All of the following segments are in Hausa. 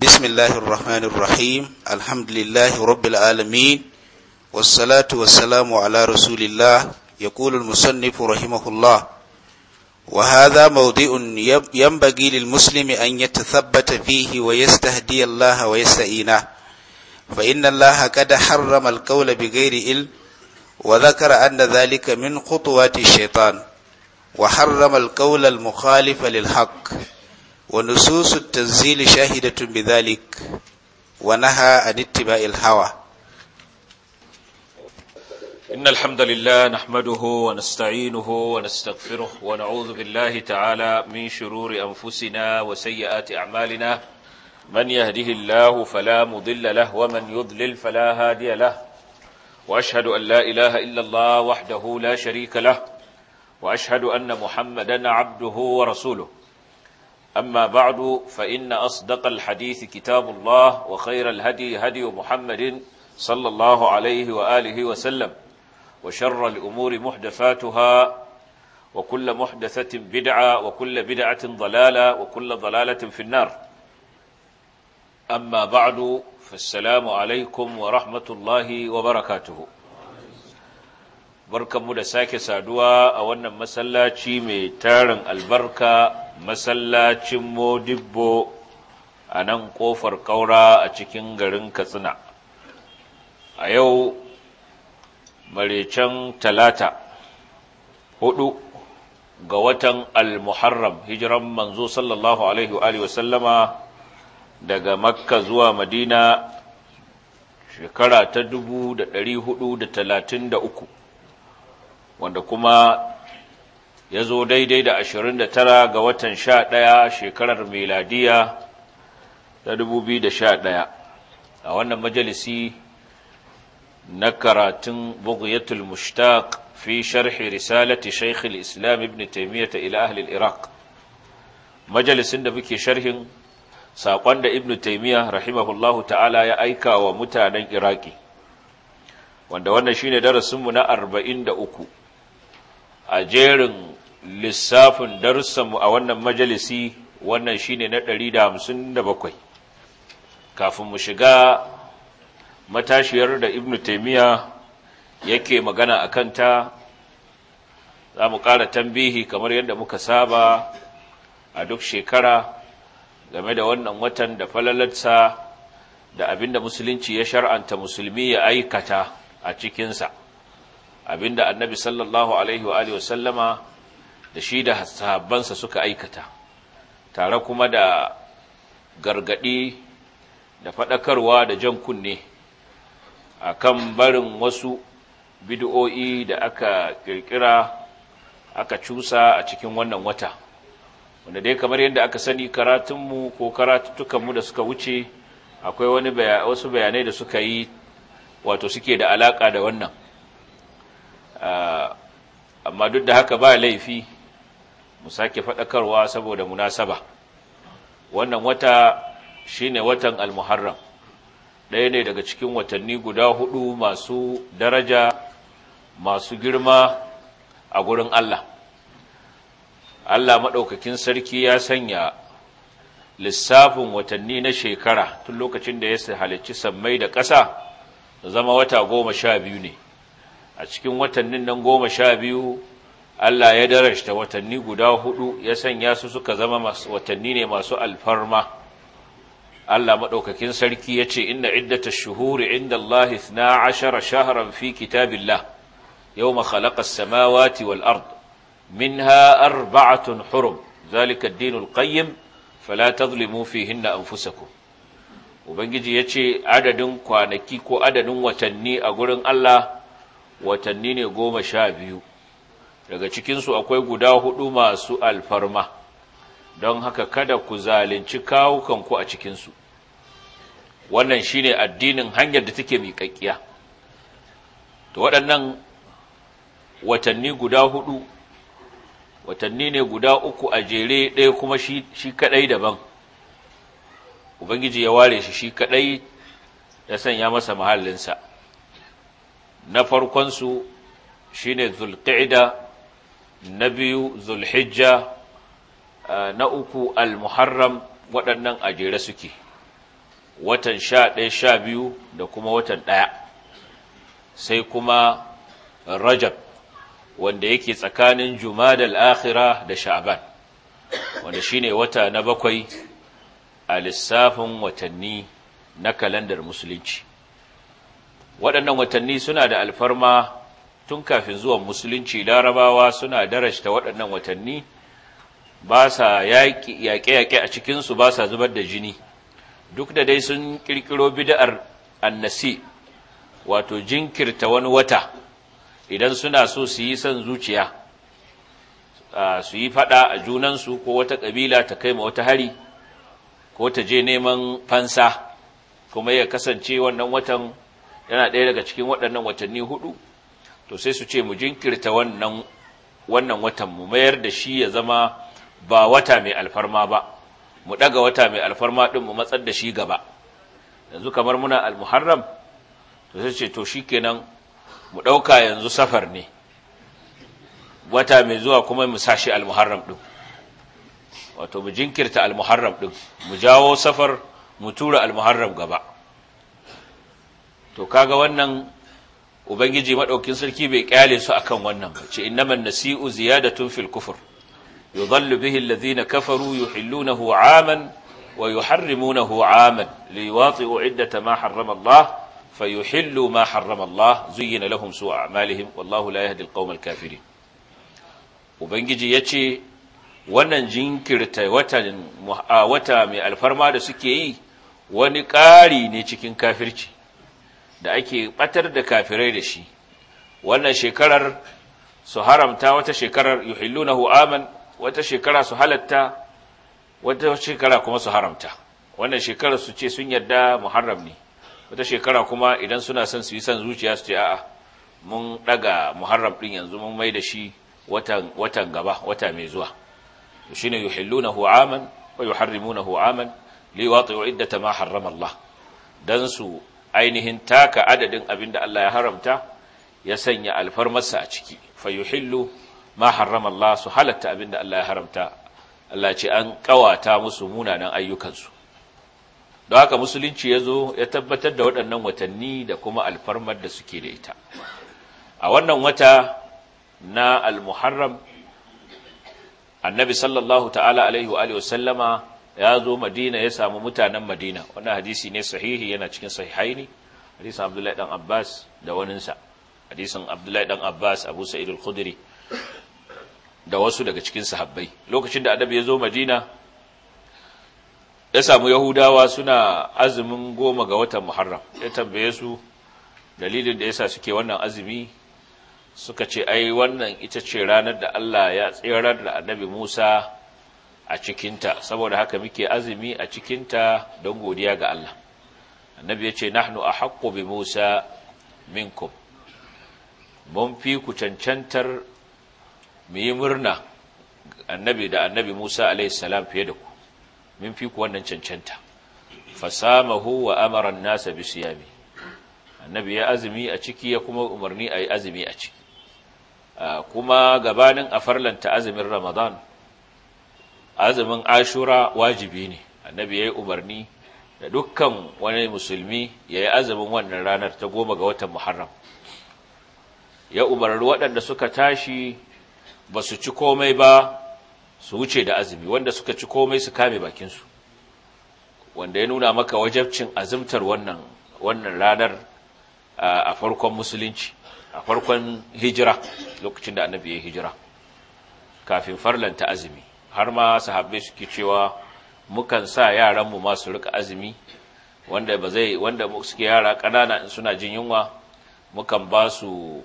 بسم الله الرحمن الرحيم الحمد لله رب العالمين والصلاة والسلام على رسول الله يقول المصنف رحمه الله وهذا موضع ينبغي للمسلم أن يتثبت فيه ويستهدي الله ويستعينه فإن الله قد حرم القول بغير علم وذكر أن ذلك من خطوات الشيطان وحرم القول المخالف للحق ونصوص التنزيل شاهدة بذلك ونهى عن اتباع الهوى إن الحمد لله نحمده ونستعينه ونستغفره ونعوذ بالله تعالى من شرور أنفسنا وسيئات أعمالنا من يهده الله فلا مضل له ومن يضلل فلا هادي له وأشهد أن لا إله إلا الله وحده لا شريك له وأشهد أن محمدا عبده ورسوله أما بعد فإن أصدق الحديث كتاب الله وخير الهدي هدي محمد صلى الله عليه وآله وسلم وشر الأمور محدثاتها وكل محدثة بدعة وكل بدعة ضلالة وكل ضلالة في النار أما بعد فالسلام عليكم ورحمة الله وبركاته barkanmu da sake saduwa a wannan masallaci mai tarin albarka masallacin modibbo a nan ƙofar ƙaura a cikin garin katsina a yau marecen talata hudu ga watan al-muharram hijiran manzo sallallahu alaihi wa alihi daga makka zuwa madina shekara ta dubu da da talatin uku, wanda kuma ya zo daidai da 29 ga watan 11 shekarar meladiya ta 2011 a wannan majalisi na karatun bugiyatul mushtaq fi sharhi risalati shaykh al-islam ibn taymiyyah ila ahli al-iraq majalisin da muke sharhin saƙon da ibn taymiyyah rahimahullahu ta'ala ya aika wa mutanen iraki wanda wannan shine darasinmu na 43 a jerin lissafin darussanmu a wannan majalisi wannan shine na ɗari da da bakwai. kafin mu shiga matashiyar da ibnu taimiyya yake magana a kanta za mu ƙara tambihi kamar yadda muka saba a duk shekara game da wannan watan da falalarsa da abinda musulunci ya shar'anta musulmi ya aikata a cikinsa abinda annabi sallallahu alaihi wa sallama da shi da sahabbansa suka aikata tare kuma da gargadi da faɗakarwa da jan kunne akan barin wasu bido'i da aka ƙirƙira aka cusa a cikin wannan wata wanda dai kamar yadda aka sani karatunmu ko karatuttukanmu da suka wuce akwai wani wasu bayanai da suka yi wato suke da alaƙa da wannan ah, amma duk da haka ba laifi mu sake faɗakarwa saboda munasaba wannan wata shine watan al-muharram ɗaya ne daga cikin watanni guda hudu masu daraja masu girma a gurin Allah Allah maɗaukakin sarki ya sanya lissafin watanni na shekara tun lokacin da ya halicci sammai da ƙasa zama wata goma sha biyu ne a cikin watannin nan goma sha biyu Allah ya darashta watanni guda hudu ya sanya su suka zama watanni ne masu alfarma Allah maɗaukakin sarki yace inna iddata shuhuri inda Allah ashara shaharan fi kitabillah yawma khalaqas samawati wal ard minha arba'atun hurum zalika ad-dinul qayyim fala tadhlimu fihinna anfusakum ubangiji yace adadin kwanaki ko adadin watanni a gurin Allah watanni ne goma sha biyu daga cikinsu akwai guda hudu masu alfarma don haka kada ku zalunci kawukanku a cikinsu wannan shine addinin hanyar da take miƙaƙƙiya to waɗannan watanni guda hudu watanni ne guda uku a jere ɗaya kuma shi, shi kaɗai daban ubangiji ya ware shi shi kaɗai ya sanya masa mahallinsa na farkon su shine zulƙa'ida na biyu zulhijja na uku almuharram waɗannan a jere suke watan sha ɗaya sha biyu da kuma watan ɗaya sai kuma rajab wanda yake tsakanin da akhira da sha'ban wanda shine wata na bakwai a lissafin watanni na kalandar musulunci waɗannan watanni suna da alfarma tun kafin zuwan musulunci larabawa suna darajta waɗannan watanni ba sa yaƙe-yaƙe a cikinsu ba sa zubar da jini duk da dai sun ƙirƙiro bida'ar annasi wato jinkirta wani wata idan suna so su yi son zuciya su yi faɗa a junansu ko wata ƙabila ta kai ma wata hari ko ta je neman fansa kuma ya kasance wannan watan yana ɗaya daga cikin waɗannan watanni hudu to sai su ce mu jinkirta wannan wannan watan mu mayar da shi ya zama ba wata mai alfarma ba mu daga wata mai alfarma din mu matsar da shi gaba yanzu kamar muna al-muharram to sai su ce to shikenan mu dauka yanzu safar ne wata mai zuwa kuma mu sashi al-muharram din wato mu jinkirta al-muharram din mu jawo safar mu tura al-muharram gaba to kaga wannan ubangiji maɗaukin sarki bai kyale su akan wannan ba ce innaman nasi'u ziyadatun fil kufr yudhallu bihi alladhina kafaru yuhillunahu 'aman wa yuharrimunahu 'aman liwati'u 'iddata ma harrama Allah fayuhillu ma harrama Allah zuyyina lahum su'u a'malihim wallahu la yahdi kafiri. qawma ubangiji yace wannan jinkirta watan wata mai alfarma da suke yi wani ƙari ne cikin kafirci da ake batar da kafirai da shi wannan shekarar su haramta wata shekarar yuhillunahu hu'aman, wata shekara su halatta wata shekara kuma su haramta wannan shekarar su ce sun yarda muharram ne wata shekara kuma idan suna son su yi son zuciya su ce a'a mun daga muharram din yanzu mun mai da shi watan watan gaba wata mai zuwa shine yuhillunahu aman wa yuharrimunahu aman liwati'u iddata ma harrama Allah dan su ainihin taka adadin abin da Allah ya haramta ya sanya alfarmarsa a ciki fayuhillu ma harrama Allah su halatta abin da Allah ya haramta Allah ce an kawata musu munanan ayyukansu don haka musulunci ya zo ya tabbatar da waɗannan watanni da kuma alfarmar da suke da ita a wannan wata na al-muharram, annabi sallallahu ta'ala alaihi wa sallama ya zo madina ya samu mutanen madina wannan hadisi ne sahihi yana cikin sahihaini hadisin abdullahi dan abbas da waninsa hadisin abdullahi dan abbas abu sa'id al-khudri da wasu daga cikin sahabbai lokacin da annabi ya zo madina ya samu yahudawa suna azumin goma ga watan muharram ya tambaye su dalilin da yasa suke wannan azumi suka ce ai wannan ita ce ranar da Allah ya tsirar da annabi Musa a cikinta saboda haka muke azumi a cikinta don godiya ga Allah annabi ya ce nahnu a haƙƙo bi musa minkum mun fi ku cancantar mu yi murna annabi da annabi musa alaihissalam fiye da ku mun fi ku wannan cancanta fasamahu wa amaran nasa bi siyami annabi ya azumi a ciki ya kuma umarni a yi azumi a ciki ah, kuma gabanin a farlanta azumin ramadan azumin ashura wajibi ne annabi ya yi umarni da dukkan wani musulmi ya yi azumin wannan ranar ta goma ga watan muharram ya umarni waɗanda suka tashi ba su ci komai ba su wuce da azumi wanda suka ci komai su kame bakinsu wanda ya nuna maka wajabcin azumtar wannan wannan ranar a farkon musulunci a farkon hijira lokacin da annabi ya hijira kafin farlanta azumi har ma sahabbai suke cewa mukan sa yaranmu mu masu rika azumi wanda ba zai wanda suke yara ƙanana in suna jin yunwa mukan ba su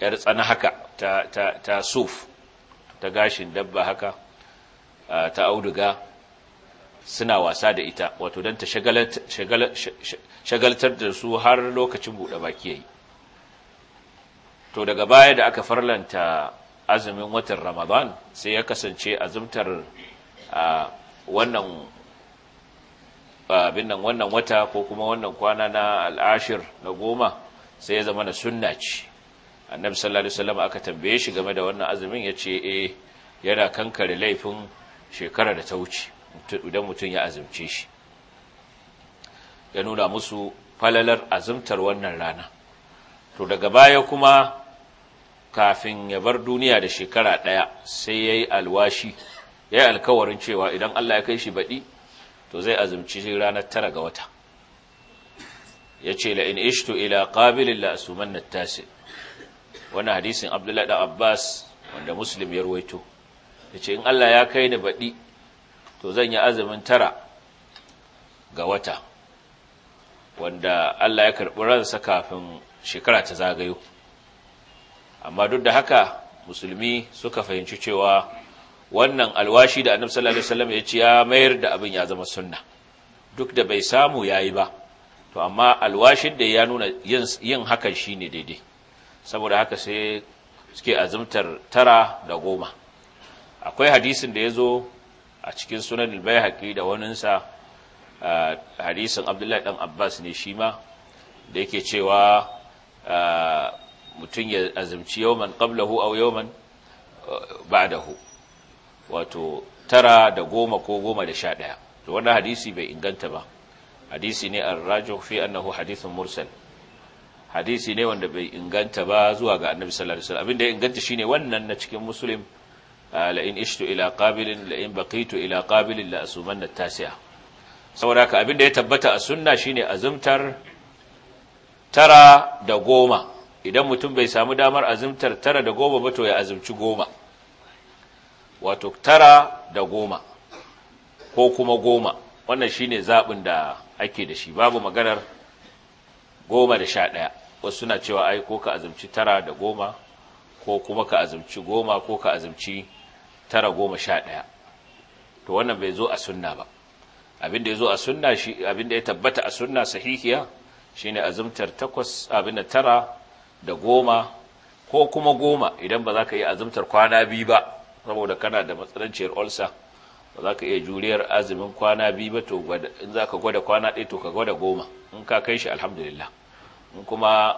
yar tsana haka ta ta ta suf ta gashin dabba haka ta auduga suna wasa da ita wato don ta shagaltar da su har lokacin buɗe baki yayi to daga baya da aka farlanta azumin watan ramadan sai ya kasance azumtar wannan wannan wata ko kuma wannan kwana na al'ashir na goma sai ya zama na sunna ce annabi sallallahu alaihi wasallam aka tambaye shi game da wannan azumin ya ce eh yana kankare laifin shekara da ta wuce idan mutum ya azumce shi ya nuna musu falalar azumtar wannan rana to daga baya kuma kafin ya bar duniya da shekara ɗaya sai ya yi alwashi ya yi alkawarin cewa idan Allah ya kai shi baɗi to zai azumci ranar tara ga wata ya ce la'in ishtu ila ƙabilin la'asuman na tasi wani hadisin abdullahi da abbas wanda muslim ya ruwaito ya ce in Allah ya kai ni baɗi to zan yi azumin tara ga wata wanda Allah ya karɓi ransa kafin shekara ta zagayo amma duk da haka musulmi suka fahimci cewa wannan alwashi da annabi sallallahu alaihi wasallam ya ce ya mayar da abin ya zama sunna duk da bai samu yayi ba to amma alwashin da ya nuna yin hakan shine daidai saboda haka sai suke azumtar tara da goma akwai hadisin da ya zo a cikin sunan albayhaqi da waninsa hadisin abdullahi dan abbas ne shi ma da yake cewa mutum ya azumci a qablahu ba da hu, wato tara da goma ko goma da sha ɗaya to wani hadisi bai inganta ba hadisi ne an rajih fi annahu hadisun mursal hadisi ne wanda bai inganta ba zuwa ga annabi sallallahu alaihi wasallam abinda ya inganta shine wannan na cikin musulun. Uh, la in ishtu ila qabilin la in baqitu ila qabilin la asumanna tasi'a saboda haka abinda ya tabbata a sunna shine azumtar tara da goma idan mutum bai samu damar azumtar tara da goma ba to ya azumci goma wato tara da goma ko kuma goma wannan shine zaɓin da ake da shi babu maganar goma da sha ɗaya wasu suna cewa ai ko ka azumci tara da goma ko kuma ka azumci goma ko ka azumci tara goma sha ɗaya to wannan bai zo a sunna ba abinda ya zo a sunna shi abinda ya tabbata a sunna sahihiya shine azumtar takwas abinda tara da goma ko kuma goma idan ba za ka yi azumtar kwana biyu ba saboda kana da matsalanciyar olsa ba za ka iya juriyar azumin kwana biyu ba to in za ka gwada kwana ɗaya to ka gwada goma in ka kai shi alhamdulillah in kuma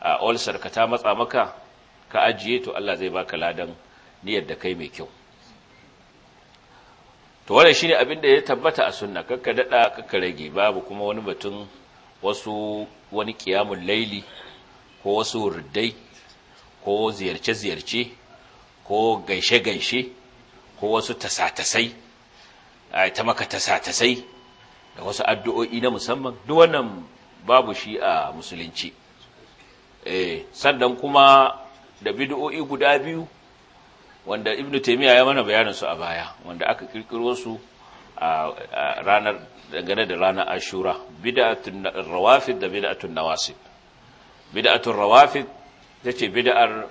a olsar ka ta matsa maka ka ajiye to Allah zai baka ladan niyyar da kai mai kyau to wannan shine abin da ya tabbata a sunna kakka dada kakka rage babu kuma wani batun wasu wani kiyamun laili ko wasu wurdai ko ziyarce-ziyarce ko gaishe-gaishe ko wasu tasatasai a ta maka tasatasai da wasu addu'o'i na musamman duk wannan babu shi a musulunci eh, sannan kuma da bid'o'i guda biyu wanda ibn taimiyya ya mana bayanin su a baya wanda aka kirkiro su a ranar dangane da ranar ashura bid'atun Rawafi, da bid'atun nawasif bid'atul rawafid tace bida'ar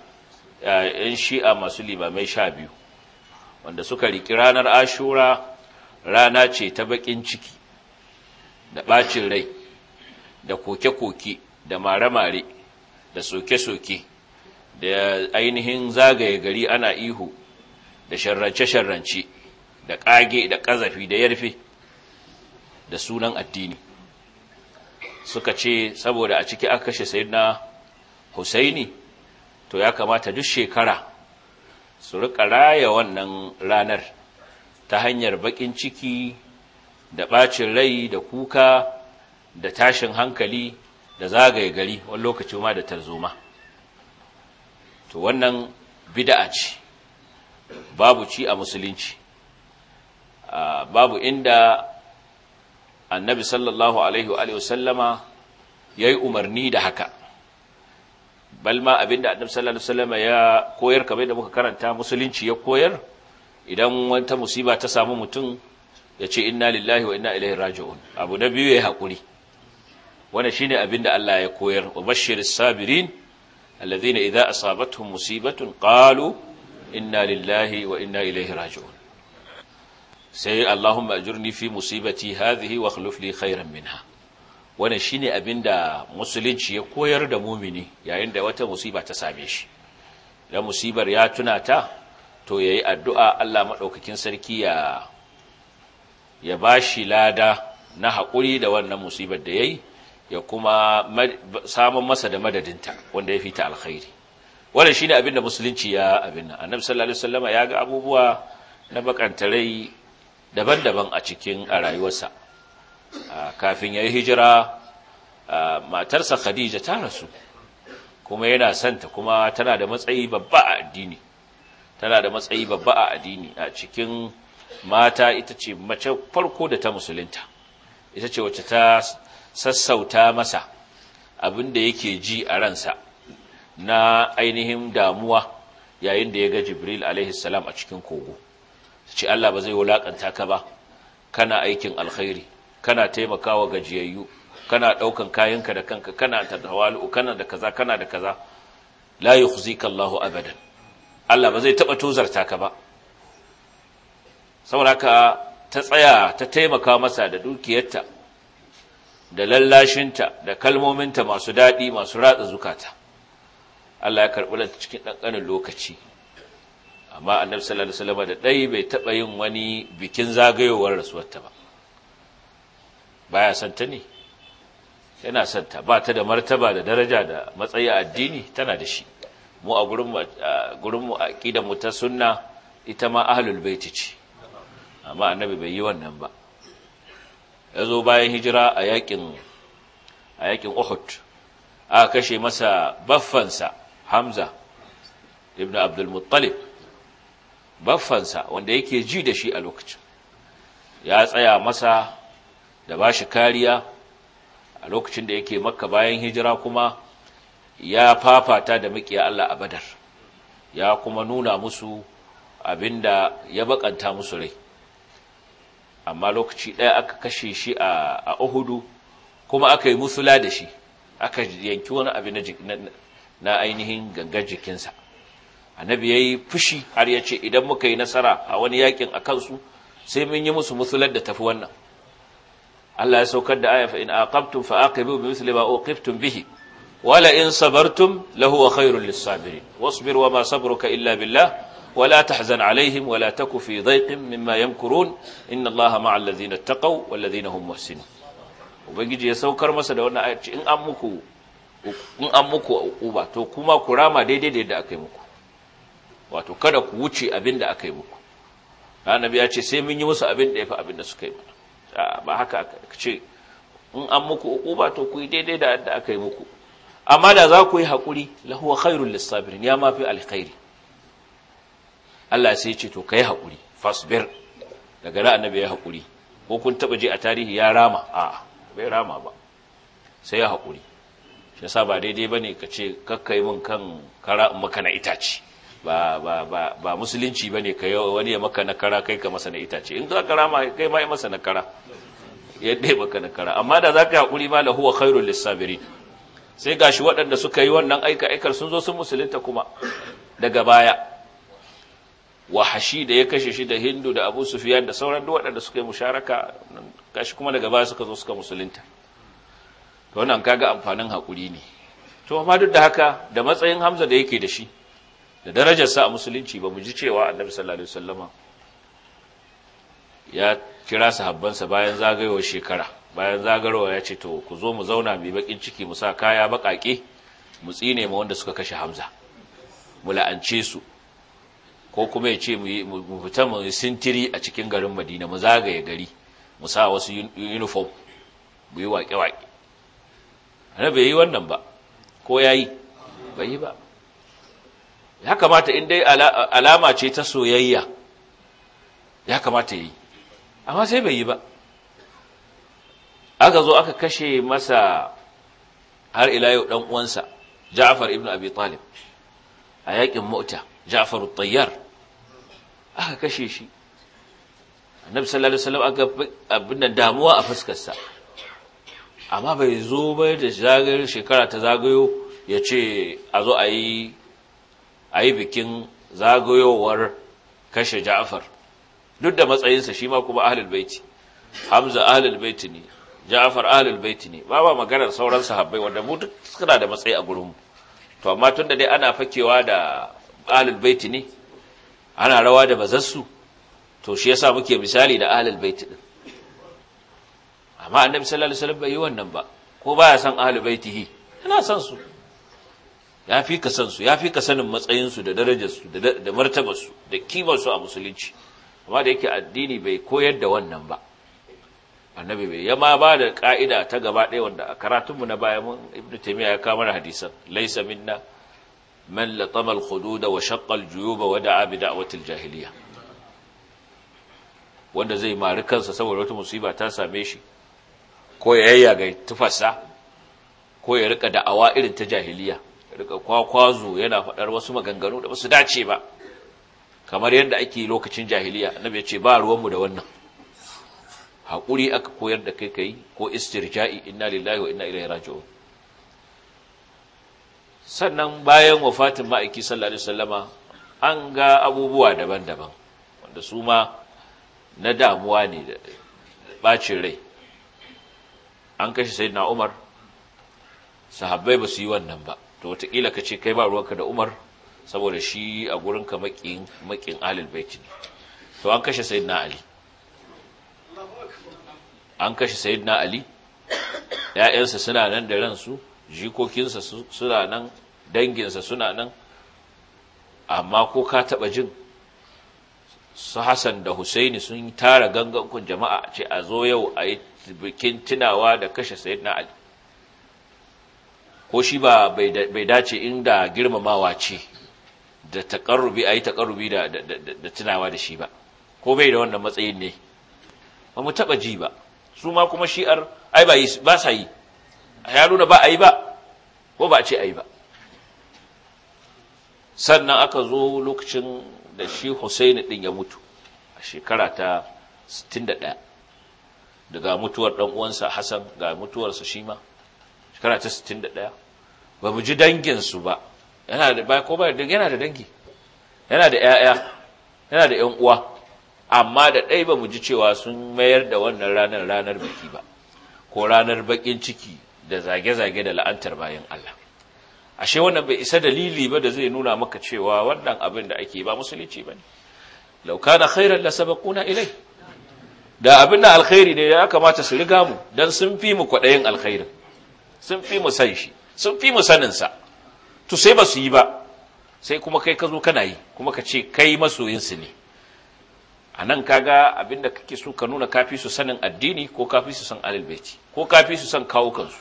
eh, yan shi'a masu limamai sha biyu wanda suka riki ranar ashura rana ce ta bakin ciki da ɓacin rai da koke-koke da mare-mare da soke-soke da ainihin zagaye gari ana ihu da sharrance-sharrance da ƙage da ƙazafi da yarfe da sunan addini suka ce saboda a ciki aka kashe na Husaini to ya kamata duk shekara su rika raya wannan ranar ta hanyar bakin ciki da bacin rai da kuka da tashin hankali da zagaye gari wani lokaci ma da tarzoma to wannan bid'a ce babu ci a musulunci ah, babu inda annabi sallallahu alaihi wa sallama ya yi umarni da haka balma abinda annabi sallallahu alaihi ya koyar kamar da muka karanta musulunci ya koyar idan wata musiba ta samu mutum ya ce inna lillahi wa inna ilaihi raji'un abu na biyu ya haƙuri wannan shine abinda Allah ya koyar wa bashiris sabirin alladhina idza asabatuhum musibatun qalu inna lillahi wa inna ilaihi raji'un sai Allahumma ajurni fi musibati hadhihi wa akhlif li khairan minha wannan shine abinda musulunci ya koyar da mumini yayin da wata musiba ta same shi da musibar ya tuna ta to yayi addu'a Allah madaukakin sarki ya ya bashi lada na haƙuri da wannan musibar da yayi ya kuma samun masa da madadinta wanda ya fita alkhairi wannan shine abinda musulunci ya abinna annabi sallallahu alaihi wasallama ya ga abubuwa na bakanta rai daban-daban a cikin a rayuwarsa kafin ya yi hijira matarsa khadija ta rasu kuma yana santa kuma tana da matsayi babba a addini tana da matsayi babba a addini a cikin mata ita ce mace farko da ta musulunta ita ce wacce ta sassauta masa abin da yake ji a ransa na ainihin damuwa yayin da ya ga jibril alaihissalam a cikin kogo Ci Allah ba zai wulakanta ka ba kana aikin alkhairi kana taimakawa gajiyayyu kana ɗaukan kayanka da kanka kana tadawalu kana da kaza kana da kaza la yukhzika Allahu abadan Allah ba zai taba tozarta ka ba saboda ka ta tsaya ta taimaka masa da dukiyarta da lallashinta da kalmominta masu daɗi masu ratsa zukata Allah ya karɓi ta cikin ɗanƙanin lokaci amma annabi sallallahu alaihi wasallam da dai bai taba yin wani bikin zagayowar rasuwarta ba baya son ta ne yana son ta ba ta da martaba da daraja da matsayi addini tana da shi mu a gurin mu gurin mu mu ta sunna ita ma ahlul bait ce amma annabi bai yi wannan ba yazo bayan hijira a yakin a yakin Uhud aka kashe masa baffansa Hamza ibn Abdul Muttalib baffansa wanda yake ji da shi a lokacin ya tsaya masa da ba shi kariya a lokacin da yake makka bayan hijira kuma ya fafata da mukiya Allah a badar ya kuma nuna musu abinda ya bakanta musu rai amma lokaci ɗaya aka kashe shi a uhudu kuma aka yi musula da shi aka yanki wani abin na ainihin gangar jikinsa annabi ya yi fushi har ya ce idan muka yi nasara a wani yakin a kansu sai mun yi musu musular da tafi wannan Allah ya saukar da aya in aqabtum fa aqibu bi misli ma uqibtum bihi wala in sabartum lahu wa khairul lis-sabirin wasbir wa ma sabruka illa billah wala tahzan alaihim wala taku fi dhayqin mimma yamkurun inna Allaha ma'al ladzina ittaqaw wal ladzina hum muhsinun ubangiji ya saukar masa da wannan aya in an muku in an muku uba to kuma kurama daidai da yadda aka yi muku wato kada ku wuce abin da aka yi muku annabi ya ce sai mun yi musu abin da ya fi abin da suka yi mana ba haka ce in an muku uquba to ku yi daidai da yadda aka yi muku amma da za ku yi haƙuri lahuwa khairul lissabirin ya mafi alkhairi Allah sai ce to kai haƙuri fasbir daga ran annabi ya haƙuri ko kun taba je a tarihi ya rama a bai rama ba sai ya haƙuri shi yasa ba daidai bane ka ce kakkai mun kan kara maka na itace ba ba ba ba musulunci bane ka wani ya maka nakara kai ka masa na itace in za ka rama kai ma ya masa nakara yadda ya maka nakara amma da za ka yi haƙuri ma lahu wa khairul sai gashi waɗanda suka yi wannan aika aikar sun zo sun musulunta kuma daga baya wahashi da ya kashe shi da hindu da abu sufiyan da sauran duk waɗanda suka yi musharaka gashi kuma daga baya suka zo suka musulunta to wannan kaga amfanin haƙuri ne to amma duk da haka da matsayin hamza da yake da shi da darajarsa a musulunci ba mu ji cewa annabi sallallahu alaihi wasallama ya kira sahabbansa bayan zagayowar shekara bayan zagarowa ya ce to ku zo mu zauna mai bakin ciki mu sa kaya bakake mu tsine ma wanda suka kashe Hamza mu la'ance su ko kuma ya ce mu fita mu sintiri a cikin garin Madina mu zagaye gari mu sa wasu uniform mu yi waƙe-waƙe bai yi wannan ba ko yayi bai yi ba ya kamata in dai alama ce ta soyayya ya kamata yi amma sai bai yi ba aka zo aka kashe masa har ila yau dan uwansa Ja'far ibn Abi Talib a yakin mota Ja'far al tayyar aka kashe shi Annabi sallallahu alaihi wasallam aka abin da damuwa a fuskarsa. sa amma bai zo ba da zagayar shekara ta zagayo ya ce a zo a yi a yi bikin zagayowar kashe ja'afar duk da matsayinsa shi ma kuma ahlul baiti hamza ahlul baiti ne ja'afar ahlul baiti ne ba ba maganar sauran sahabbai wanda mu duk suna da matsayi a gurinmu to amma tunda dai ana fakewa da ahlul baiti ne ana rawa da bazassu to shi yasa muke misali da ahlul baiti din amma annabi sallallahu alaihi wasallam bai yi wannan ba ko baya san ahlul baitihi yana san su ya fi ka san su ya fi ka sanin matsayin su da darajar su da martabar su da kimar su a musulunci amma da yake addini bai koyar da wannan ba annabi bai ya ma ba da ka'ida ta gaba ɗaya wanda a karatunmu na baya mun Ibn taymiya ya kawo mana hadisan laysa minna من لطم الخدود Wada Abida, a watan jahiliya. wanda zai mari kansa saboda wata musiba ta same shi ko ya yayyaga tufarsa ko ya rika da'awa irin ta jahiliya rika kwakwazo yana faɗar wasu maganganu da basu dace ba kamar yadda ake lokacin jahiliya annabi ya ce ba ruwanmu da wannan hakuri aka koyar da kai kai ko istirja'i inna lillahi wa inna ilaihi raji'un sannan bayan wafatin ma'aiki sallallahu alaihi wasallama an ga abubuwa daban-daban wanda su ma na damuwa ne da bacin rai an kashe sayyidina Umar sahabbai ba su yi wannan ba to wataƙila ka ce kai ba ruwanka da umar saboda shi a gurinka maƙin alil baiti to an kashe sayidina ali an kashe sayidina ali ‘ya'yansa suna nan da ransu jikokinsa suna nan danginsa suna nan amma ko ka taɓa jin su hassan da husaini sun tara gangankun jama'a ce a zo yau a yi bikin tunawa da kashe sayidina ali ko shi ba bai dace inda girmamawa ce da takarrubi a yi taƙarrubi da tunawa da shi ba ko bai da wannan matsayin ne ba mu taɓa ji ba su ma kuma shi'ar ai ba sa yi ya nuna ba a yi ba ko ba ce a yi ba sannan aka zo lokacin da shi Hussaini din ya mutu a shekara ta 61 daga mutuwar ɗan uwansa Hassan ga mutuwarsa shi ma shekara ta ba mu ji danginsu ba yana da bai ko bai yana da dangi yana da ƴaƴa yana da ƴan uwa amma da ɗai ba mu ji cewa sun mayar da wannan ranar ranar baki ba ko ranar bakin ciki da zage-zage da la'antar bayan Allah ashe wannan bai isa dalili ba da zai nuna maka cewa wannan abin da ake ba musulunci bane law kana khairan la sabaquna ilai da abin da alkhairi ne ya kamata su riga mu dan sun fi mu kwaɗayin alkhairin sun fi mu san shi sun fi mu sanin sa to sai ba su yi ba sai kuma kai ka zo kana yi kuma ka ce kai masoyin su ne a nan kaga abinda kake so ka nuna kafi su sanin addini ko kafi su san baiti ko kafi su san kawo kansu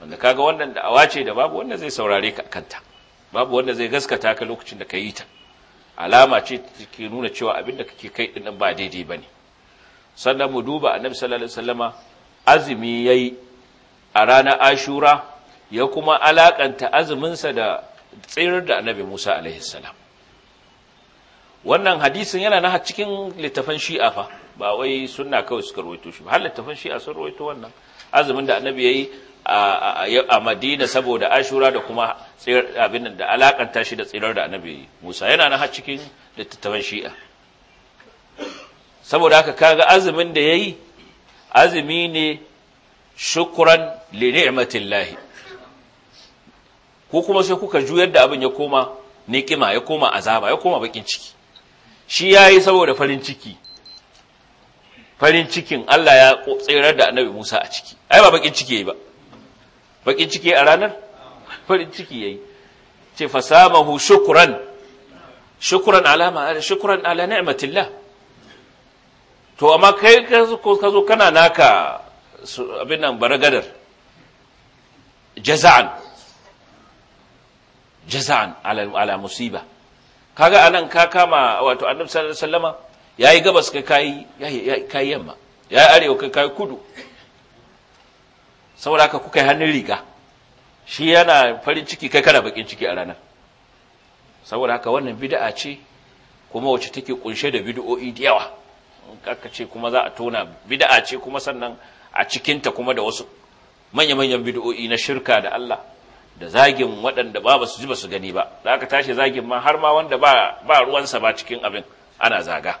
wanda kaga wannan da awace da babu wanda zai saurare ka kanta babu wanda zai gaskata ka lokacin da ka yi ta alama ce ke nuna cewa abinda kake kai din ba daidai bane sannan mu duba annabi sallallahu alaihi wasallama azumi yayi a ranar ashura ya kuma alakanta azuminsa da tsirar da annabi musa a.s. wannan hadisin yana na cikin littafan shi'a fa ba wai sunna kawai suka rawaito shi ba har littafan shi'a sun rawaito wannan azumin da annabi yi a madina saboda ashura da kuma abin da alakanta shi da tsirar da annabi musa yana na har cikin littattafan shi'a saboda haka kaga azumin da ya yi azumi ne Shukuran, li ni'matillahi ko kuma sai kuka juyar da abin ya koma nikima, ya koma azaba ya koma bakin ciki shi yayi saboda farin ciki farin cikin Allah ya tsirar da Annabi Musa a ciki ai ba bakin ciki yayi ba bakin ciki a ranar farin ciki yayi ce fasamahu shukran shukran alama shukran ala ni'matillah to amma kai ka zo kana naka abin nan baragadar jaza'an jaza'an ala musiba kaga anan ka kama wato annabi sallallahu alaihi wasallama yayi gabas kai kai kai yamma yayi arewa kai kai kudu saboda ka kuka hannun riga shi yana farin ciki kai kana bakin ciki a ranar saboda haka wannan bid'a ce kuma wacce take kunshe da bid'o'i da yawa kaka ce kuma za a tona bid'a ce kuma sannan a cikinta kuma da wasu manya-manyan bid'o'i na shirka da Allah da zagin waɗanda ba ba su ji ba su gani ba da aka tashi zagin ma har ma wanda ba ba ruwansa ba cikin abin ana zaga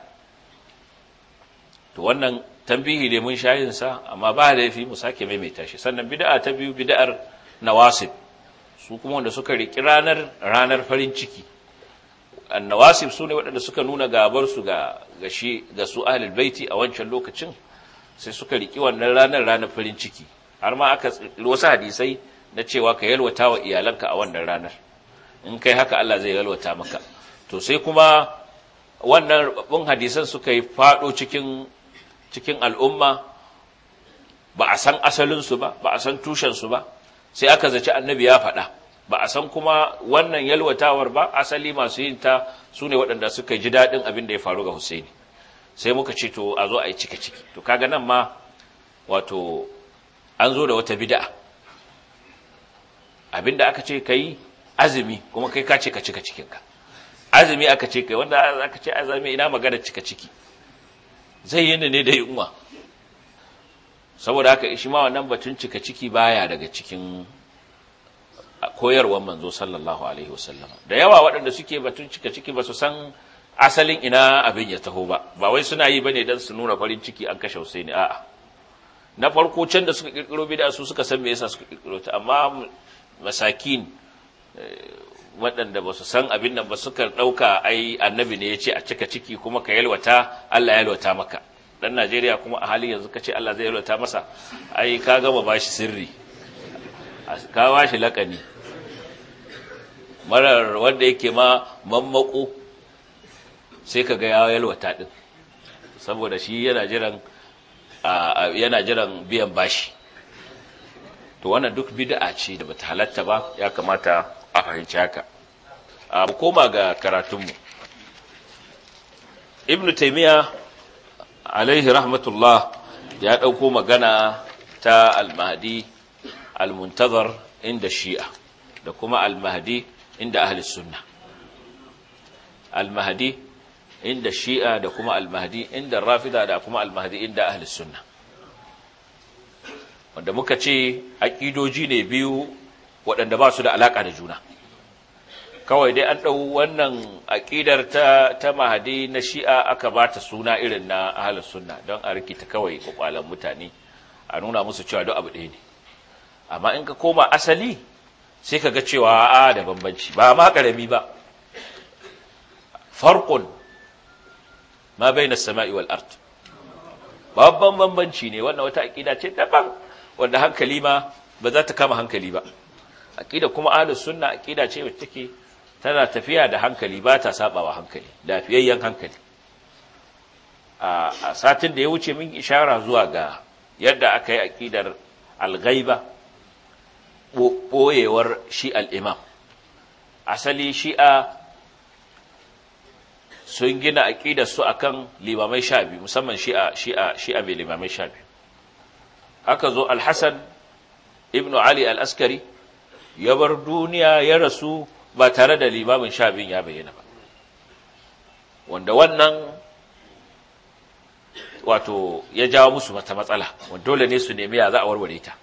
to wannan tambihi ne mun shayin sa amma ba laifi mu sake maimaita shi sannan bid'a ta biyu bid'ar nawasib su kuma wanda suka riki ranar ranar farin ciki annawasib su ne waɗanda suka nuna gabar su ga ga shi ga su ahlul baiti a wancan lokacin sai suka riki wannan ranar ranar farin ciki har ma aka wasu hadisai na cewa ka yalwata wa iyalanka a wannan ranar in kai haka Allah zai yalwata maka to sai kuma wannan bin hadisan suka yi fado cikin cikin al'umma ba a san asalinsu ba ba a san tushen su ba sai aka zaci annabi ya faɗa ba a san kuma wannan yalwatawar ba asali masu yin ta su waɗanda suka ji daɗin abin da ya faru ga Husaini sai muka ce to a zo a yi cika ciki to kaga nan ma wato an zo da wata bid'a abinda aka ce kai azumi kuma kai ka ce ka cika cikinka azumi aka ce kai wanda aka ce azumi ina magana cika ciki zai yi ne da yunwa saboda haka shi ma wannan batun cika ciki baya daga cikin koyarwar manzo sallallahu alaihi wasallam da yawa waɗanda suke batun cika ciki ba su san asalin ina abin ya taho ba ba wai suna yi bane dan su nuna farin ciki an kashe Husaini a'a na farko can da suka kirkiro bid'a su suka san me yasa suka kirkiro ta amma masakin eh, waɗanda ba su san abin nan ba suka ɗauka ai annabi ne ya ce a cika ciki kuma ka yalwata Allah ya yalwata maka dan Najeriya kuma a halin yanzu ka ce Allah zai yalwata masa ai ka gama bashi sirri ka bashi lakani marar wanda yake ma mammako sai ka ga ya yalwata ɗin saboda shi yana jiran yana jiran biyan bashi to wannan duk bida'a ce da bata halatta ba ya kamata a fahimci haka a koma ga karatunmu ibnu taimiya alaihi rahmatullah ya dauko magana ta al-mahdi al-muntazar inda shi'a da kuma al inda ahli sunna al inda shi'a da kuma almahdi inda rafida da kuma almahdi inda ahli sunna wanda muka ce aƙidoji ne biyu waɗanda ba su da alaka da juna kawai dai an ɗau wannan aƙidar ta, ta mahadi na shi'a aka ba ta suna irin na ahli sunna don a rikita kawai ƙwaƙwalan mutane a nuna musu cewa duk abu ɗaya ne amma in ka koma asali sai ka ga cewa a da bambanci ba ma ƙarami ba farkon ma bai na samai wal babban bambanci ne wannan wata aqida ce daban wanda hankali ma ba za ta kama hankali ba aqida kuma ahlus sunna aƙida ce wacce take tana tafiya da hankali ba ta sabawa hankali lafiyayyen hankali a satin da ya wuce min ishara zuwa ga yadda aka yi aƙidar al-ghaiba boyewar shi al-imam asali shi'a sun gina aqidar su akan limamai sha biyu musamman shi'a shi'a shi'a mai limamai sha biyu aka zo Alhassan, Ibnu ibn Ali al-Askari ya bar duniya ya rasu ba tare da limamin sha biyun ya bayyana ba wanda wannan wato ya jawo musu mata matsala wanda dole ne su nemi ya za a warware ta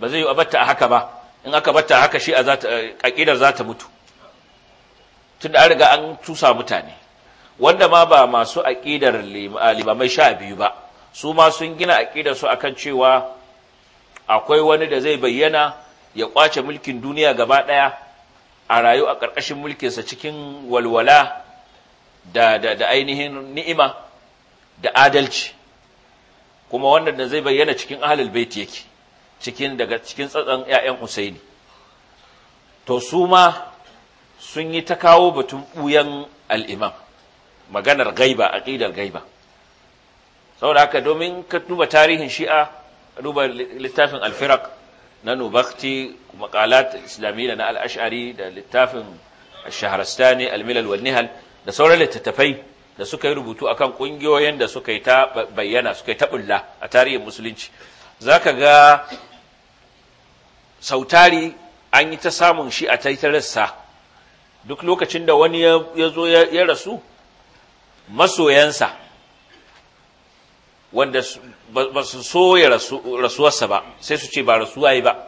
ba zai yi a batta a haka ba in aka batta a haka shi a aƙidar za ta mutu tun da an riga an tusa mutane wanda ma ba masu aƙidar limamai sha biyu ba su ma sun gina aƙidar su akan cewa akwai wani da zai bayyana ya kwace mulkin duniya gaba ɗaya a rayu a ƙarƙashin mulkinsa cikin walwala da, da, da ainihin ni'ima da adalci kuma wannan da zai bayyana cikin ahlul bait yake cikin daga cikin tsatsan 'ya'yan Husaini to su ma sun yi ta kawo batun buyan al-Imam maganar gaiba aqidar gaiba saboda haka domin ka duba tarihin shi'a duba littafin al-firaq na nubakti maqalat islamiyya na al-ash'ari da littafin ash-shahrastani al-milal wal nihal da sauran littattafai da suka yi rubutu akan ƙungiyoyin da suka yi ta bayyana suka yi ta bulla a tarihin musulunci zaka ga sautari an yi ta samun shi a taitararsa duk lokacin da wani ya zo ya rasu masoyansa wanda ba su soya rasuwarsa ba sai su ce ba rasuwa yi ba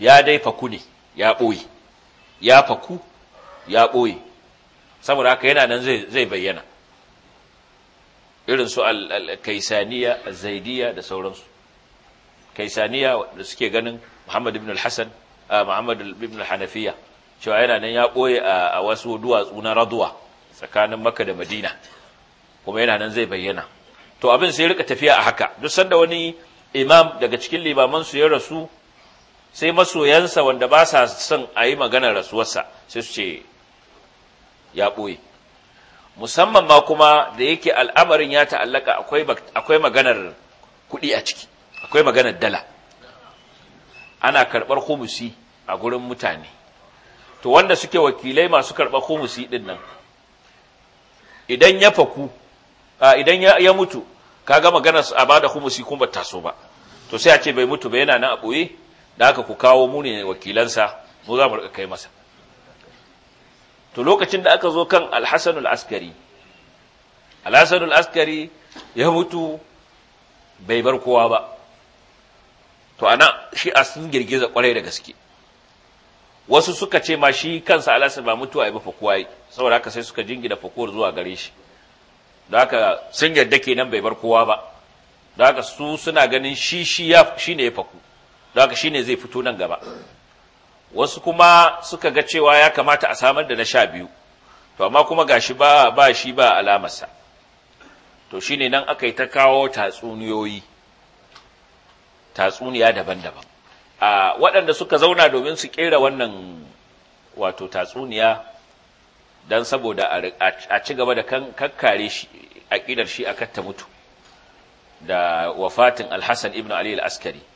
ya dai faku ne ya ɓoye ya faku ya ɓoye saboda haka yana nan zai bayyana irin su kaisaniya zaidiya da sauransu kaisaniya da suke ganin muhammad ibn al-hassan ah, muhammad ibn al-hanafiya cewa yana nan ya ɓoye a wasu duwatsu na raduwa tsakanin maka da Madina kuma yana nan zai bayyana to abin sai rika tafiya a haka duk sanda wani imam daga cikin limaman su ya rasu sai masoyansa wanda ba sa son a yi maganar rasuwarsa sai su ce ya ɓoye musamman ma kuma da yake al'amarin ya ta'allaka akwai maganar kuɗi a ciki akwai maganar dala ana karɓar humusi a gurin mutane to wanda suke wakilai masu karɓar humusi ɗin nan idan ya faku idan ya mutu ka ga maganar a bada humusi kuma ta so ba to sai a ce bai mutu ba yana nan a boye da aka ku kawo mu ne wakilansa mu za mu rika kai masa to lokacin da aka zo kan alhassan al'askari alhassan Askari ya mutu bai bar kowa ba to ana shi a sun girgiza kwarai da gaske wasu suka ce ma shi kansa alasa ba mutuwa ya ba fakuwa yi saboda haka sai suka jingina fakuwar zuwa gare shi da haka sun yarda kenan bai bar kowa ba da haka su suna ganin shi shi ya ne ya faku da haka shi ne zai fito nan gaba wasu kuma suka ga cewa ya kamata a samar da na sha biyu to amma kuma ga shi ba shi ba alamarsa to shi ne nan aka yi ta kawo tatsuniyoyi tatsuniya daban-daban A waɗanda suka zauna domin su kera wannan wato tatsuniya don saboda a ci gaba da kankare ƙidar shi a katta mutu da wafatin alhassan ibn ali alaskari askari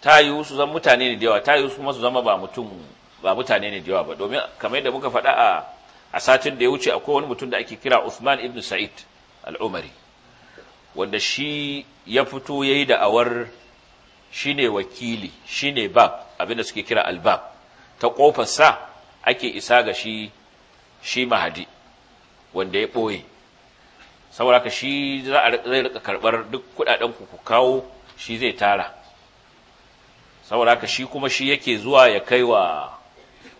ta yi su zan mutane ne da yawa ta yi su masu zama ba mutane ne da yawa ba domin kamar yadda muka faɗa a satin da ya wuce akwai wani mutum da ake kira Usman ibn Sa'id al-Umari wanda shi ya fito ya yayi da'awar shine wakili shine bab abinda suke kira albab ta kofar sa ake isa ga shi shi mahadi wanda ya boye saboda ka shi za a zai rika karbar duk kudaden ku ku kawo shi zai tara saboda ka shi kuma shi yake zuwa ya kaiwa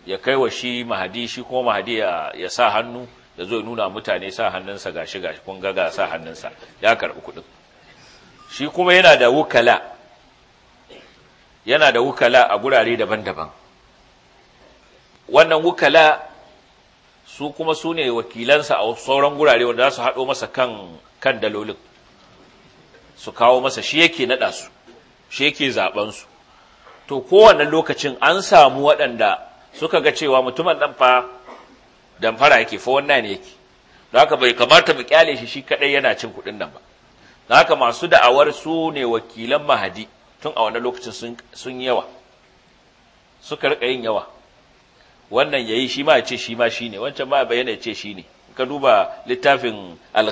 ya kaiwa shi mahadi shi kuma mahadi ya sa hannu ya zo nuna mutane sa hannunsa gashi gashi kun ga ga sa hannunsa ya karbi kudin shi kuma yana da wukala yana da wukala a gurare daban-daban wannan wukala su kuma su ne wakilansa a sauran gurare wanda za su haɗo masa kan kan dalolin su kawo masa shi yake naɗa su shi yake zaɓensu to kowane lokacin an samu waɗanda suka ga cewa mutumin ɗan fa damfara yake fa wannan yake da haka bai kamata mu kyale shi shi kaɗai yana cin kuɗin nan ba da haka masu da'awar su ne wakilan mahadi tun a wannan lokacin sun yawa suka rika yin yawa wannan yayi shi ma ya ce shi ma ne. wancan ma bayyana ya ce ne. ka duba littafin al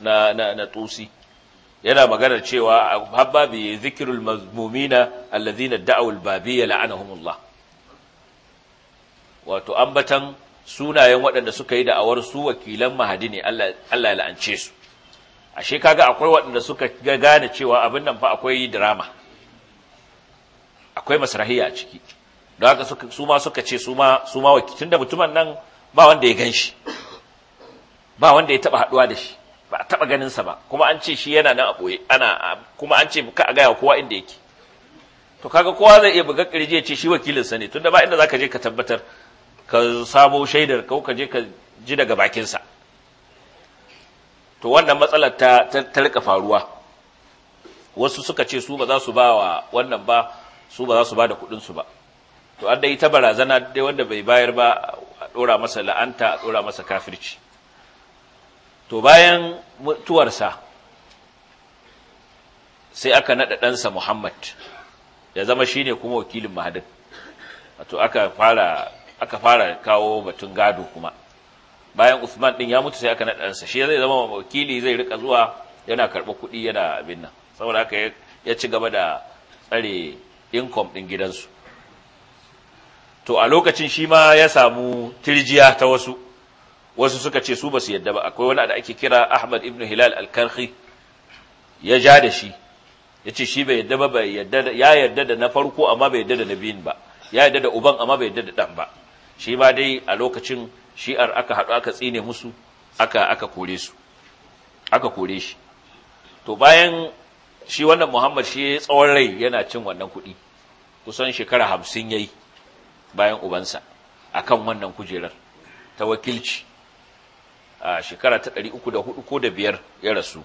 na na na tusi yana maganar cewa habba bi zikrul mazmumina alladhina da'u al la'anahumullah wato ambatan sunayen waɗanda suka yi da'awar su wakilan mahadi ne Allah ya la'ance su ashe kaga akwai waɗanda suka gane cewa abin nan fa akwai drama akwai masrahiya a ciki don haka su ma suka ce su ma su ma wakilin da mutumin nan ba wanda ya ganshi ba wanda ya taba haduwa da shi ba taba ganin sa ba kuma an ce shi yana nan a boye ana kuma an ce ka a gaya kowa inda yake to kaga kowa zai iya buga kirje ce shi wakilin sa ne tunda ba inda zaka je ka tabbatar ka samo shaidar ko ka je ka ji daga bakin sa to wannan matsalar ta tarka faruwa wasu suka ce su ba za su ba wa wannan ba su ba za su ba da kuɗin su ba to an dai ta barazana dai wanda bai bayar ba a ɗora masa la'anta a ɗora masa kafirci to bayan mutuwarsa sai aka naɗa ɗansa muhammad ya zama shine kuma wakilin mahadin wato aka fara kawo batun gado kuma bayan Usman din ya mutu sai aka naɗa ɗansa shi zai zama wakili zai rika zuwa yana karɓa kuɗi yana abin nan saboda haka ya ci gaba da tsare income ɗin gidansu to a lokacin shi ma ya samu tirjiya ta wasu wasu suka ce su ba su yadda ba akwai wani da ake kira Ahmad ibn Hilal al-Karhi ya ja da shi ya ce shi bai yadda ba bai yadda ya yadda da na farko amma bai yadda da na biyun ba ya yadda da uban amma bai yadda da dan ba shi ma dai a lokacin shi'ar aka haɗu aka tsine musu aka aka kore su aka kore shi to bayan shi wannan muhammad shi tsawon rai yana cin wannan kuɗi kusan shekara hamsin ya yi bayan ubansa a kan wannan kujerar ta wakilci a shekara ta ɗari uku da hudu ko da biyar ya rasu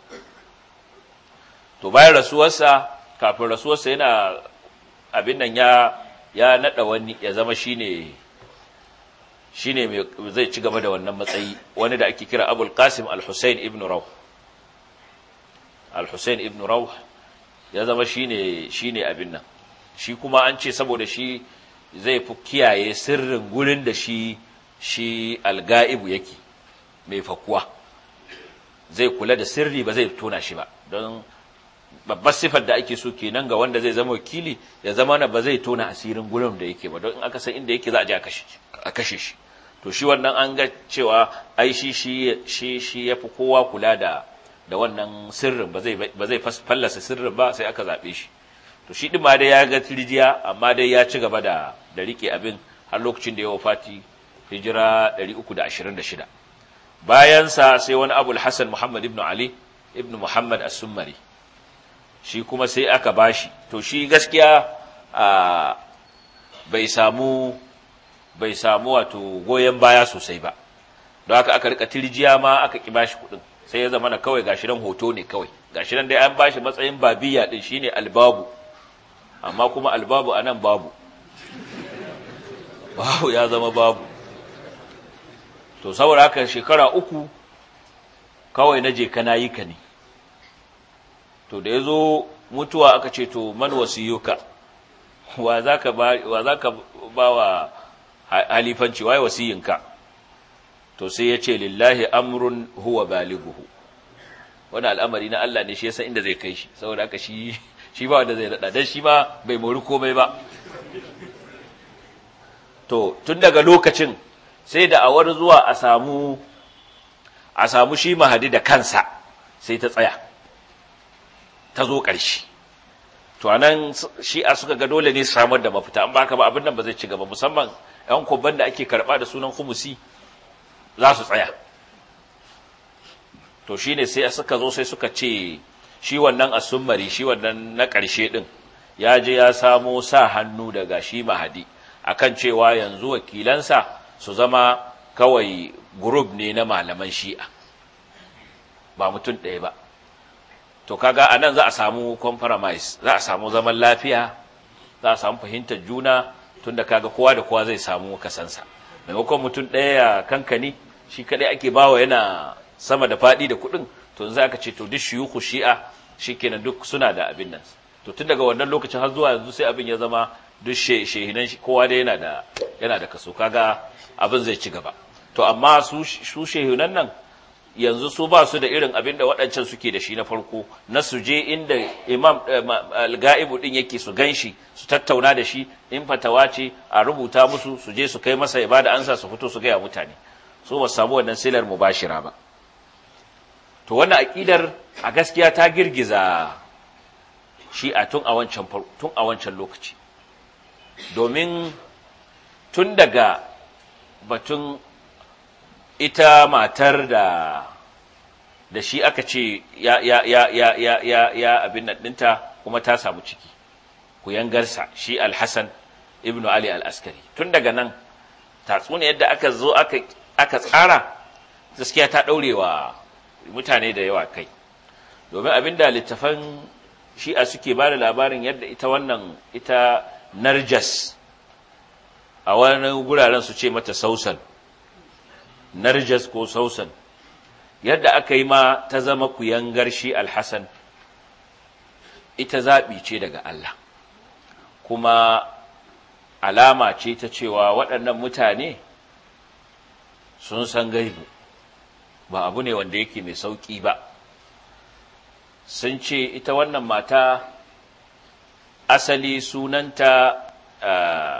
to bayan rasuwarsa kafin rasuwarsa yana abin nan ya ya naɗa wani ya zama shine. ne Shi ne zai ci gaba da wannan matsayi wani da ake kira abul qasim al-husayn ibn rauh al-husayn ibn rauh ya zama shi ne abin nan shi kuma an ce saboda shi zai fi kiyaye sirrin gurin da shi shi algaibu gaibu yake mai fakuwa zai kula da sirri ba zai tona shi ba don babbar sifar da ake so kenan ga wanda zai zama wakili ya zama na ba zai tona asirin gurin da yake ba don in aka san inda yake za a je a kashe shi to shi wannan an ga cewa ai shi shi shi ya fi kowa kula da da wannan sirrin ba zai fallasa sirrin ba sai aka zaɓe shi to shi ɗin ma dai ya ga tirjiya amma dai ya ci gaba da da riƙe abin har lokacin da ya wafati hijira 326 bayansa sai wani abul hasan muhammad ibn ali ibn muhammad as sumari shi kuma sai aka bashi to shi gaskiya bai samu bai samu wato goyon baya sosai ba don haka aka rika tirjiya ma aka ki bashi kuɗin sai ya zama na kawai gashi hoto ne kawai gashi da dai an bashi matsayin babiya din shine albabu amma kuma albabu anan babu babu ya zama babu to saboda haka shekara uku kawai na je kana yi ka ne to da ya zo mutuwa aka ce to man wasiyuka wa za ka ba wa halifanci wa wasiyinka to sai ya ce lillahi amrun huwa baliguhu wani al'amari na Allah ne shi yasa inda zai kai shi saboda aka shi shi ba wanda zai daɗa don shi ba, bai mori komai ba to tun daga lokacin sai da awar zuwa a samu a samu shi mahadi da kansa sai ta tsaya ta zo ƙarshe to anan shi'a suka ga dole ne su samar da mafita an baka ba abin nan ba zai ci gaba musamman yan kubban da ake karɓa da sunan kumusi za su tsaya to shine sai suka zo sai suka ce shi wannan asummari shi wannan na ƙarshe ɗin ya je ya samo sa hannu daga shi mahadi a kan cewa yanzu wakilansa su zama kawai guruf ne na malaman shi'a ba mutum ɗaya ba to kaga a nan za a samu compromise za a samu zaman lafiya za a samu fahimtar juna tunda kaga kowa da kowa zai samu kasansa maimakon mutum ɗaya ya kankani shi kaɗai ake bawa yana sama da faɗi da kuɗin to za ka ce to duk shi yuku shi'a shi kenan duk suna da abin nan to tun daga wannan lokacin har zuwa yanzu sai abin ya zama duk shehinan kowa da da yana da kaso kaga abin zai ci gaba to amma su shehinan nan yanzu su ba su da irin abin da waɗancan suke da shi na farko na su je inda imam eh, al-ga'ibu din yake su ganshi su tattauna da shi in fatawa ce a rubuta musu su je su kai masa ya bada ansa su fito su gaya mutane so ba samu wannan silar mubashira ba to wannan aqidar a gaskiya ta girgiza shi a tun a wancan tun a wancan lokaci domin tun daga batun ita matar da da shi aka ce ya ya ya ya ya ya ya abin nan ɗinta kuma ta samu ciki ku yangarsa shi alhassan ibnu ali al-askari tun daga nan tatsuniyar yadda aka zo aka aka tsara gaskiya ta ɗaurewa mutane da yawa kai domin abinda littafan shi'a suke ba da labarin yadda ita wannan ita narjas a wani guraren su ce mata sausan narjas ko sausan yadda aka yi ma ta zama yangar shi alhassan ita zaɓi ce daga Allah kuma alama ce ta cewa waɗannan mutane sun san gaibu ba abu ne wanda yake mai sauƙi ba sun ce ita wannan mata asali sunanta eh,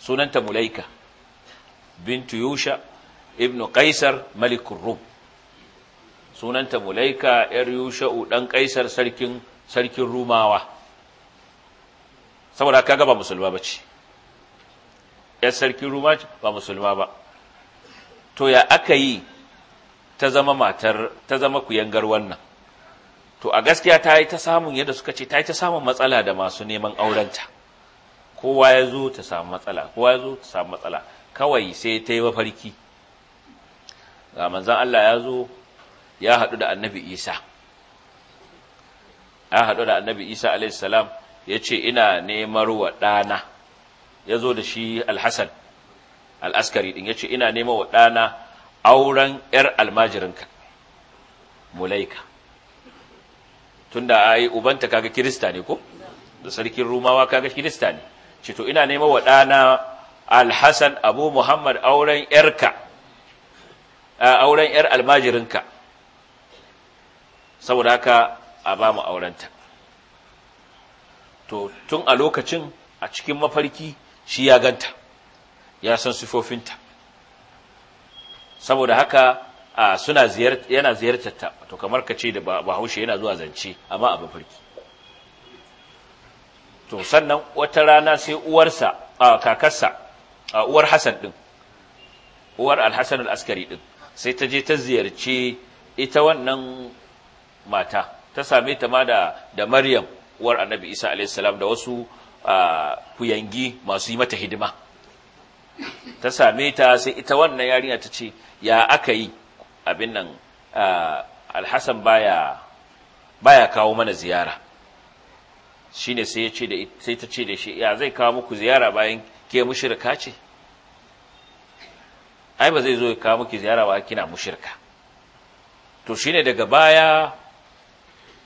sunanta mulaika bintu yusha ibnu kaisar malikin rum sunanta mulaika yar yusha'u ɗan kaisar sarkin rumawa saboda kaga ba musulma ba ce yar sarkin ruma ba musulma ba to ya aka yi ta zama matar ta zama kuyangar wannan to a gaskiya ta yi ta samun yadda suka ce ta yi ta samun matsala da masu neman aurenta kowa ya zo ta samu matsala kowa ya zo ta samu matsala kawai sai ta yi mafarki ga manzan Allah ya zo ya haɗu da annabi isa ya haɗu da annabi isa alaihissalam ya ce ina nemar wa ɗana ya zo da shi alhassan al'askari ɗin ya ce ina nemar wa ɗana auren ‘yar almajirinka mulaika tunda yi ubanta kaga kirista ne ko da sarkin rumawa kaga kirista ne ce to ina nemar wa ɗana alhassan abu muhammad auren ‘yarka auren ‘yar almajirinka saboda haka a ba mu aurenta to tun a lokacin a cikin mafarki shi ya ganta ya san sifofinta saboda haka a suna yana ziyartar ta to kamar ka ce da bahaushe yana zuwa zance amma a mafarki to sannan wata rana sai uwarsa a kakarsa a uwar Hassan din uwar al Al-Askari din sai ta je ta ziyarci ita wannan mata ta same ta ma da da Maryam uwar Annabi Isa alayhi salam da wasu kuyangi masu yi mata hidima ta same ta sai ita wannan yarinya ta ce ya aka yi abin nan alhassan baya baya kawo mana ziyara shine sai ya ce da sai ta ce da shi ya zai kawo muku ziyara bayan ke mushirka ce ai ba zai zo ya kawo miki ziyara ba kina mushirka to shine daga baya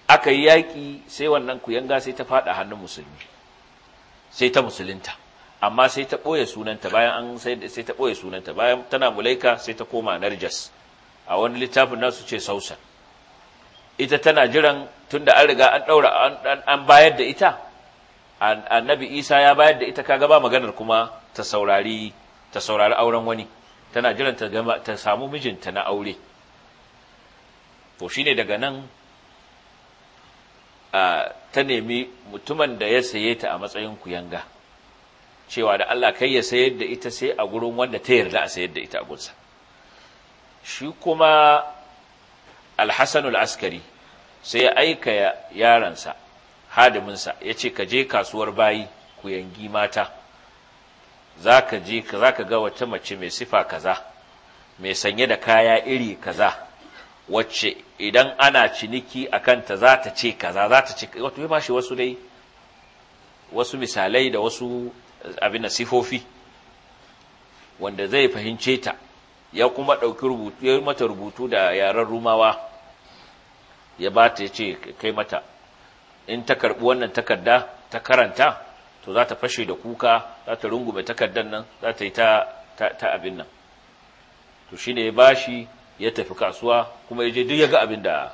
aka yi yaƙi sai wannan kuyanga sai ta faɗa hannun musulmi sai ta musulunta amma sai ta ɓoye sunanta bayan an sai ta ɓoye sunanta bayan tana mulaika sai ta koma narjas a wani littafin nasu ce sausan ita tana jiran tunda an riga an ɗaura an bayar da ita annabi isa ya bayar da ita kaga ba maganar kuma ta saurari ta saurari auren wani tana jiran ta gama ta samu mijinta na aure to shine daga nan ta nemi mutumin da ya saye ta a matsayin kuyanga cewa da Allah kai ya sayar da ita sai a gurin wanda ta yarda a sayar da ita a gunsa shi kuma alhassanul askari sai ya aika yaransa hadiminsa ya ce ka je kasuwar bayi ku yangi mata zaka je ka zaka ga wata mace mai sifa kaza mai sanye da kaya iri kaza wacce idan ana ciniki a kanta za ta ce kaza za ta ce wato ya bashi wasu dai wasu misalai da wasu eh, abin sifofi wanda zai fahimce ta ya kuma ɗauki rubutu ya mata rubutu da yaren rumawa ya ba ta ce kai mata in ta karɓi wannan takarda ta karanta to za ta fashe da kuka za ta rungume takardar nan za ta yi ta abin nan to shi ne ya bashi ya tafi kasuwa kuma ya je duk ya ga abin da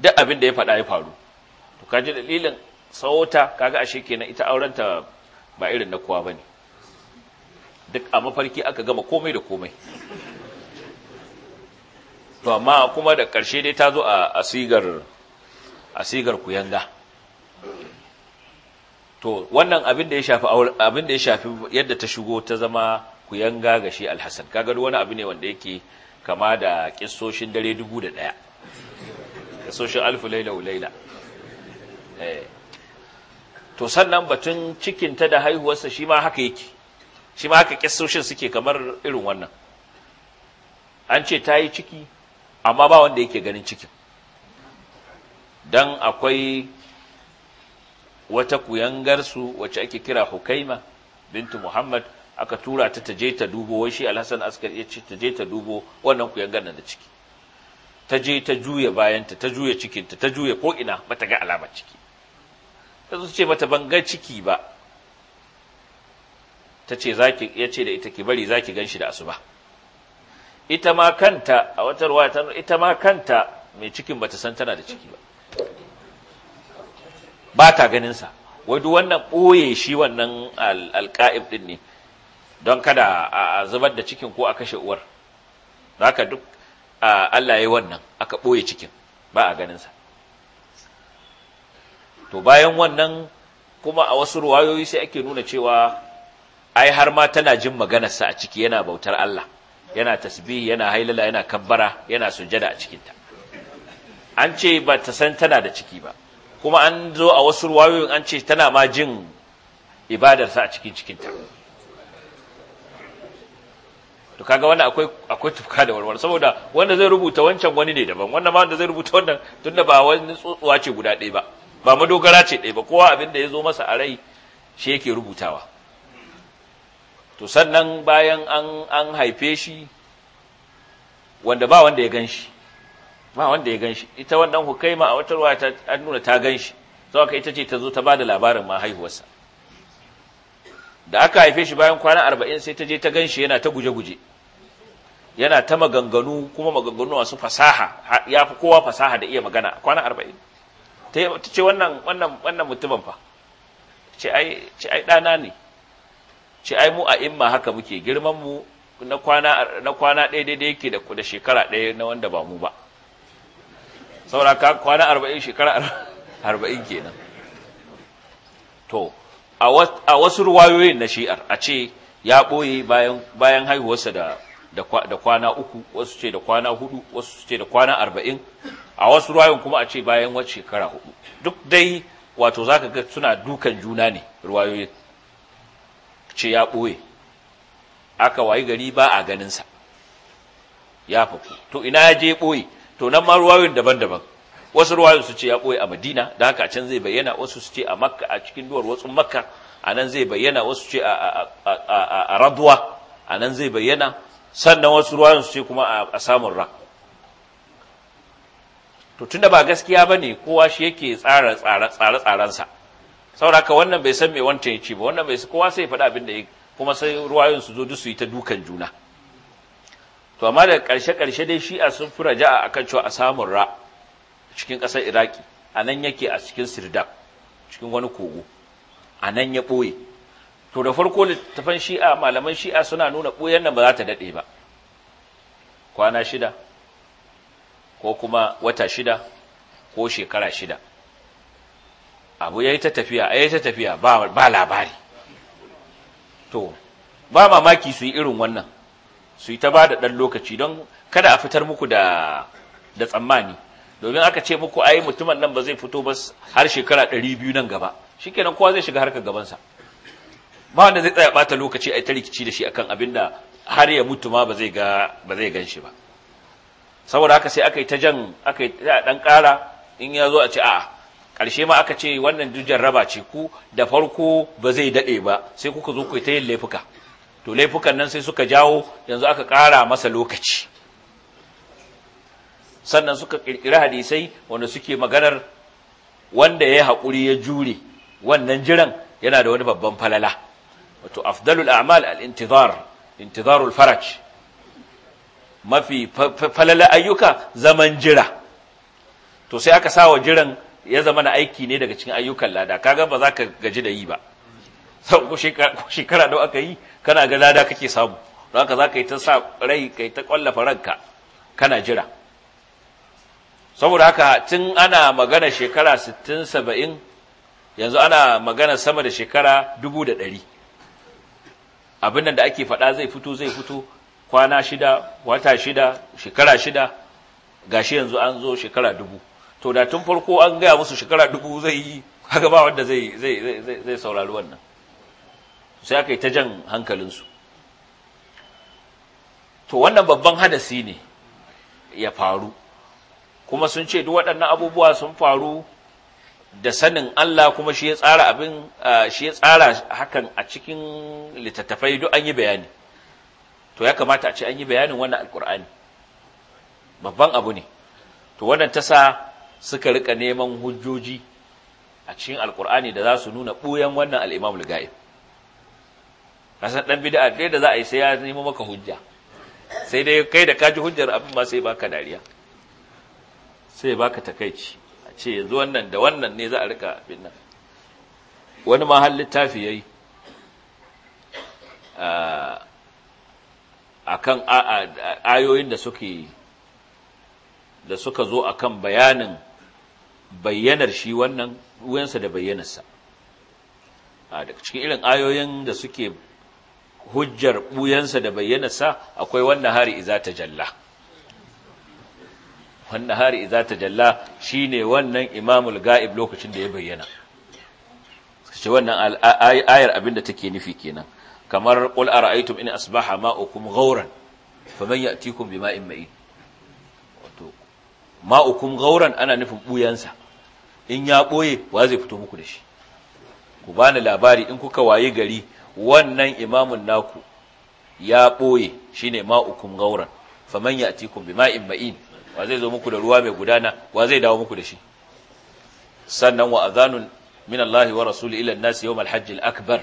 duk abin da ya faɗa ya faru to ka ji dalilin sauta kaga ashe kenan ita aurenta ba irin na kowa ne. duk a mafarki aka gama komai da komai to amma kuma da ƙarshe dai ta zo a sigar kuyanga to wannan abin da ya shafi abin da ya shafi yadda ta shigo ta zama ku yanga ga shi alhassan kaga wani abu ne wanda yake kama da kissoshin dare dubu kissoshin alfu laila wa laila eh to sannan batun cikinta da haihuwarsa shi ma haka yake shi ma haka kissoshin suke kamar irin wannan an ce ta yi ciki amma ba wanda yake ganin cikin dan akwai wata kuyangarsu wacce ake kira hukaima bintu muhammad aka tura ta taje ta dubo wai shi alhassan askar ya ce taje ta dubo wannan kuyangar da ciki ta je ta juya bayanta ta juya cikinta ta juya ko ina bata ga alamar ciki ta zo ce mata ban ga ciki ba ta ce zaki ya ce da ita ki bari zaki ganshi da asuba ita ma kanta a wata ruwaya ita ma kanta mai cikin bata san tana da ciki ba ba ta ganinsa sa, wannan ɓoye shi wannan alƙa'ib ɗin ne don kada a zubar da cikin ko a kashe uwar haka duk Allah ya yi wannan aka ɓoye cikin ba a ganinsa to bayan wannan kuma a wasu ruwayoyi sai ake nuna cewa ai har ma tana jin maganarsa a ciki yana bautar Allah yana tasbihi yana hailala yana kabbara yana sujada a cikin ta. an ce ba ta san tana da ciki ba kuma an zo a wasu ruwayoyin an ce tana ma jin ibadarsa a cikin cikinta to kaga wannan akwai akwai tufka da warwar saboda wanda zai rubuta wancan wani ne daban wannan ma wanda zai rubuta wannan tunda ba wani tsotsuwa ce guda ɗaya ba ba madogara ce ɗaya ba kowa abin da ya zo masa a rai shi yake rubutawa to sannan bayan an haife shi wanda ba wanda ya ganshi. ba wanda ya gan shi ita wannan hukaima a wata ruwa an nuna ta gan shi sau aka ita ce ta zo ta ba da labarin ma haihuwarsa da aka haife shi bayan kwana arba'in sai ta je ta gan shi yana ta guje-guje yana ta maganganu kuma maganganu masu fasaha ya fi kowa fasaha da iya magana kwana arba'in ta ce wannan wannan wannan mutumin fa ce ai ce ai ɗana ne ce ai mu a imma haka muke girman mu na kwana na kwana ɗaya daidai yake da shekara ɗaya na wanda ba mu ba saboda kwana arba'in shekara arba'in kenan to a wasu ruwayoyin na shi'ar a ce ya ɓoye bayan haihuwarsa da kwana uku wasu ce da kwana hudu wasu ce da kwana arba'in a wasu ruwayoyin kuma a ce bayan wacce shekara hudu duk dai wato za ka ga suna dukan juna ne ruwayoyin ce ya ɓoye aka wayi gari ba a ganinsa ya faku to ina ya je ɓoye to nan ma ruwayoyin daban-daban wasu ruwayoyin su ce ya ɓoye a madina da haka a can zai bayyana wasu su ce a makka a cikin duwar wasu makka a nan zai bayyana wasu ce a rabuwa a nan zai bayyana sannan wasu ruwayoyin su ce kuma a samun ra to tunda ba gaskiya ba ne kowa shi yake tsara tsare saboda ka wannan bai san mai wancan ya ce ba wannan bai kowa sai faɗa abin da ya kuma sai ruwayoyin su zo duk su yi ta dukan juna to amma da ƙarshe ƙarshe dai shi'a sun fi raja'a kan cewa a samun ra cikin ƙasar iraki a nan yake a cikin Sirda, cikin wani kogo a nan ya ɓoye to da farko littafan shi'a malaman shi'a suna nuna ɓoyen nan ba za ta daɗe ba kwana shida ko kuma wata shida ko shekara shida abu ya yi ta tafiya a yi ta tafiya ba labari to ba mamaki su yi irin wannan su yi ta ba da ɗan lokaci don kada a fitar muku da da tsammani domin aka ce muku ai mutumin nan ba zai fito ba har shekara ɗari biyu nan gaba shi kenan kowa zai shiga harkar gabansa ba wanda zai tsaya bata lokaci a ta rikici da shi akan abin da har ya mutu ma ba zai gan shi ba saboda haka sai aka yi ta jan aka yi dan ƙara in ya zo a ce a'a ƙarshe ma aka ce wannan dujar raba ce ku da farko ba zai daɗe ba sai kuka zo ku yi ta yin laifuka to laifukan nan sai suka jawo yanzu aka ƙara masa lokaci sannan suka ƙirƙiri hadisai wanda suke maganar wanda ya yi haƙuri ya jure wannan jiran yana da wani babban falala wato afdalul a'mal al-intizar intizarul faraj mafi falala ayyuka zaman jira to sai aka sawa jiran ya zama na aiki ne daga cikin ayyukan lada kaga ba za ka gaji da yi ba sau ko shekara da aka yi kana ga lada kake samu don haka za ka yi ta sa rai ka yi ta kwallafa ranka kana jira saboda haka tun ana magana shekara 60 70 yanzu ana magana sama da shekara 100 abin da ake faɗa zai fito zai fito kwana shida wata shida shekara shida gashi yanzu an zo shekara dubu to da tun farko an gaya musu shekara dubu zai yi haka ba wanda zai saurari wannan sai aka yi ta jan hankalinsu to wannan babban hadasi ne ya faru kuma sun ce duk waɗannan abubuwa sun faru da sanin Allah kuma shi ya tsara abin shi ya tsara hakan a cikin littattafai duk an yi bayani to ya kamata a ce an yi bayanin wannan alkur'ani babban abu ne to wannan tasa suka rika neman hujjoji a cikin alkur'ani da za su nuna ɓoyan wannan al'imam al-ga'ib kasan dan bid'a dai da za a yi sai ya nemo maka hujja sai dai kai da kaji hujjar abin ma sai baka dariya sai baka takaici a ce yanzu wannan da wannan ne za a rika abin nan wani ma har littafi yayi kan ayoyin da suke da suka zo akan bayanin bayyanar shi wannan wuyansa da bayyanarsa a daga cikin irin ayoyin da suke hujjar buyansa da bayyana sa akwai wannan hari iza ta jalla wannan hari iza ta jalla shine wannan imamul ga'ib lokacin da ya bayyana ce wannan ayar abinda take nufi kenan kamar qul ara'aytum in asbaha ma'ukum ghauran faman ya'tikum bima'in ma'in wato ma'ukum ghauran ana nufin buyansa in ya boye wa zai fito muku da shi ku bani labari in kuka waye gari wannan imamun naku ya ɓoye shine ma'ukum gauran faman ya'tikum bima'in ma'in wa zai zo muku da ruwa mai gudana wa zai dawo muku da shi sannan wa adhanun min Allah wa rasulihi ila nasi nas yawm akbar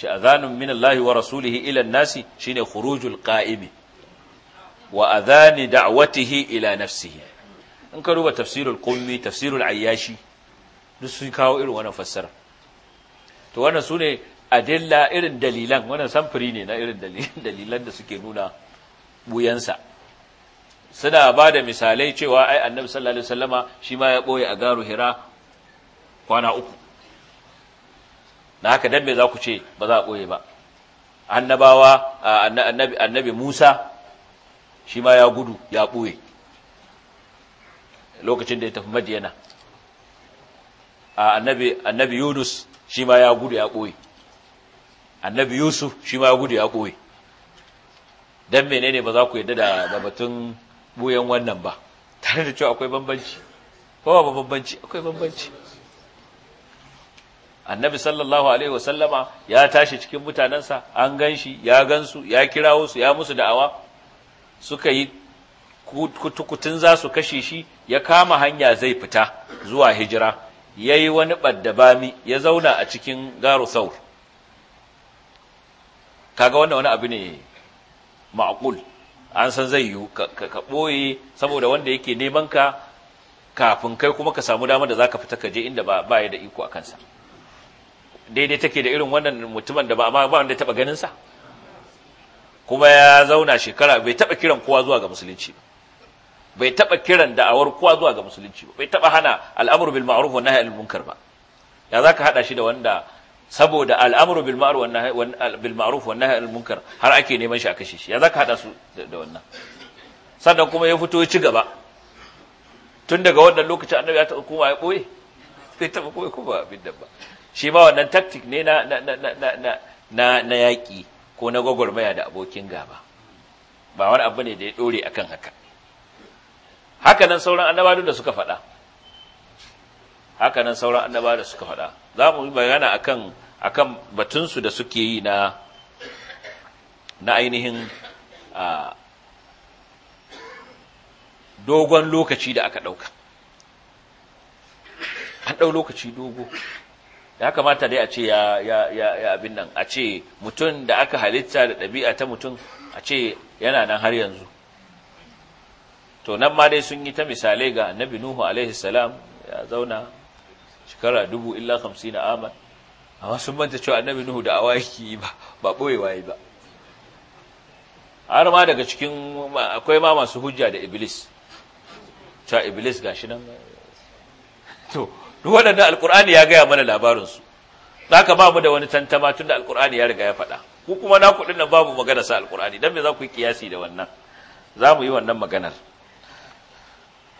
shi adhanun min wa rasulihi ila an-nas shine khurujul qa'imi wa adhani da'watihi ila nafsihi in ka ruba tafsirul kummi tafsirul ayyashi duk sun kawo irin wannan fassara to wannan adilla irin dalilan wannan samfuri ne na irin dalilan da suke nuna buyansa suna ba da misalai cewa ai annabi sallallahu alaihi wasallama shi ma ya boye a garu hira kwana uku na haka dan me za ku ce ba za a boye ba annabawa annabi annabi Musa shi ma ya gudu ya boye lokacin da ya tafi Madiyana annabi annabi Yunus shi ma ya gudu ya boye annabi yusuf shi ma ya gudu ya ɓoye don menene ba za ku yadda da batun ɓoyen wannan ba tare da cewa akwai bambanci Kowa ba bambanci akwai bambanci annabi sallallahu alaihi wasallama ya tashi cikin mutanensa an gan shi ya gansu ya kirawo su ya musu da'awa suka yi kutukutun za su kashe shi ya kama hanya zai fita zuwa hijira ya yi wani ɓaddabami ya zauna a cikin garu saur kaga wannan wani abu ne ma'akul an san zai yiwu ka ɓoye saboda wanda yake neman ka kafin kai kuma ka samu damar da za ka fita ka je inda ba ya da iko a kansa daidai take da irin wannan mutumin da ba a ba wanda ya taɓa ganinsa kuma ya zauna shekara bai taɓa kiran kowa zuwa ga musulunci ba bai taɓa kiran da'awar kowa zuwa ga musulunci ba bai taɓa hana al'amur bil ma'ruf wa nahy al munkar ba ya zaka hada shi da wanda saboda al'amuru bil ma'ruf wan nahy bil har ake neman shi a kashe shi ya zaka hada su da wannan sannan kuma ya fito ya ci gaba tun daga wannan lokacin annabi ya taɓa kuma ya ɓoye bai taɓa ɓoye kuma abin da ba shi ma wannan taktik ne na yaƙi ko na gwagwarmaya da abokin gaba ba wani abu ne da ya ɗore akan haka haka nan sauran annabawa da suka faɗa za mu yi bayana akan akan batunsu da suke yi na na ainihin dogon lokaci da aka ɗauka an ɗau lokaci dogo ya kamata dai a ce ya, ya, ya, abin nan a ce mutum da aka halitta da ɗabi'a ta mutum a ce yana nan har yanzu to nan ma dai sun yi ta misalai ga nabi nuhu alaihi salam ya zauna shekara dubu illa hamsin na aman a sun manta cewa annabi nuhu da awa yake yi ba ba ɓoyewa yi ba har ma daga cikin akwai ma masu hujja da iblis cewa iblis gashi nan to duk waɗanda alƙur'ani ya gaya mana labarinsu za ka ba mu da wani tantama tun da alkur'ani ya riga ya faɗa ku kuma na kuɗin nan babu magana sa alƙur'ani don me za ku yi kiyasi da wannan za mu yi wannan maganar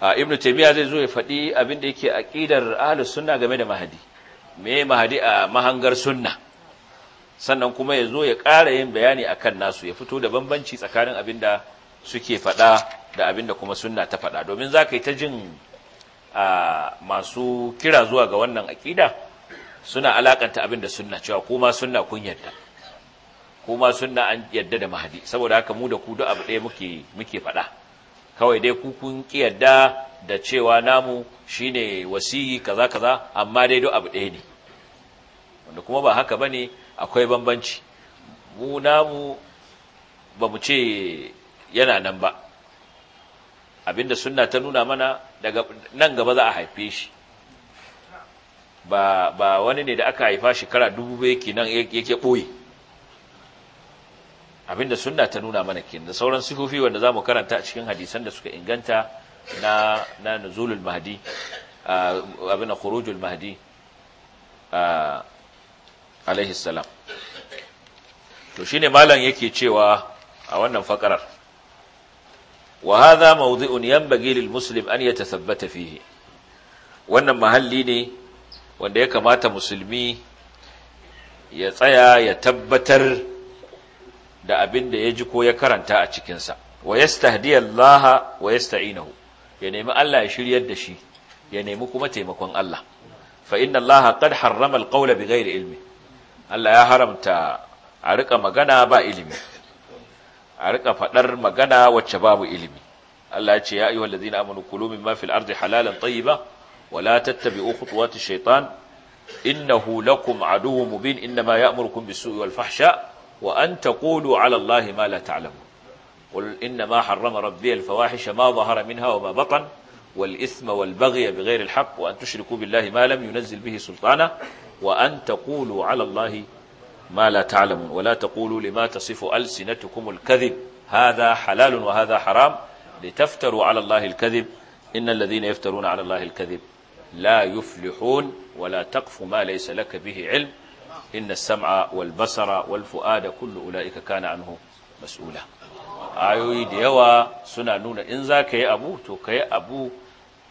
Ibn taymiya zai zo ya faɗi abin da yake aqidar ahlus sunna game da mahadi me mahadi a mahangar sunna sannan kuma ya zo ya ƙara yin bayani akan nasu ya fito da bambanci tsakanin abin da suke faɗa da abin da kuma sunna ta faɗa domin za ka yi ta jin masu kira zuwa ga wannan aƙida suna alakanta abin da sunna cewa kuma sunna kun yadda kuma sunna an yadda da mahadi saboda haka mu da ku duk abu ɗaya muke muke faɗa kawai dai kukun kun da cewa namu shine wasiyi kaza kaza amma dai duk abu ɗaya ne wanda kuma ba haka bane akwai bambanci mu namu ba mu ce yana nan ba abinda sunna ta nuna mana daga nan gaba za a haife shi ba wani ne da aka haifa shekara dubu yake nan yake boye abinda sunna ta nuna mana kenan da sauran sifofi wanda mu karanta a cikin hadisan da suka inganta na na nuzulul mahdi abin khurujul mahdi alaihi salam to shine malam yake cewa a wannan fakarar wa hadha mawdhi'un yanbaghi lil muslim an yatathabbata fihi wannan mahalli ne wanda ya kamata musulmi ya tsaya ya tabbatar da abin da ya ji ko ya karanta a cikinsa wa yastahdiyallaha wa yasta'inahu ya nemi Allah ya shiryar da shi ya nemi kuma taimakon Allah fa inna Allah qad harrama alqawla bighairi ilmi Allah ya haramta a rika magana ba ilimi a rika fadar magana wacce babu ilimi Allah ya ce ya ayyuhal ladina amanu kulu mimma fil ardi halalan tayyiba wa la tattabi'u khutuwati shaytan innahu lakum aduwwun mubin inma ya'murukum bis-su'i wal fahsha' وأن تقولوا على الله ما لا تعلمون قل إنما حرم ربي الفواحش ما ظهر منها وما بطن والإثم والبغي بغير الحق وأن تشركوا بالله ما لم ينزل به سلطانا وأن تقولوا على الله ما لا تعلمون ولا تقولوا لما تصف ألسنتكم الكذب هذا حلال وهذا حرام لتفتروا على الله الكذب إن الذين يفترون على الله الكذب لا يفلحون ولا تقف ما ليس لك به علم inna sam'a wal basara wal fu'ada kullu ula'ika kana anhu mas'ula ayoyi da yawa suna nuna in za ka yi abu to ka yi abu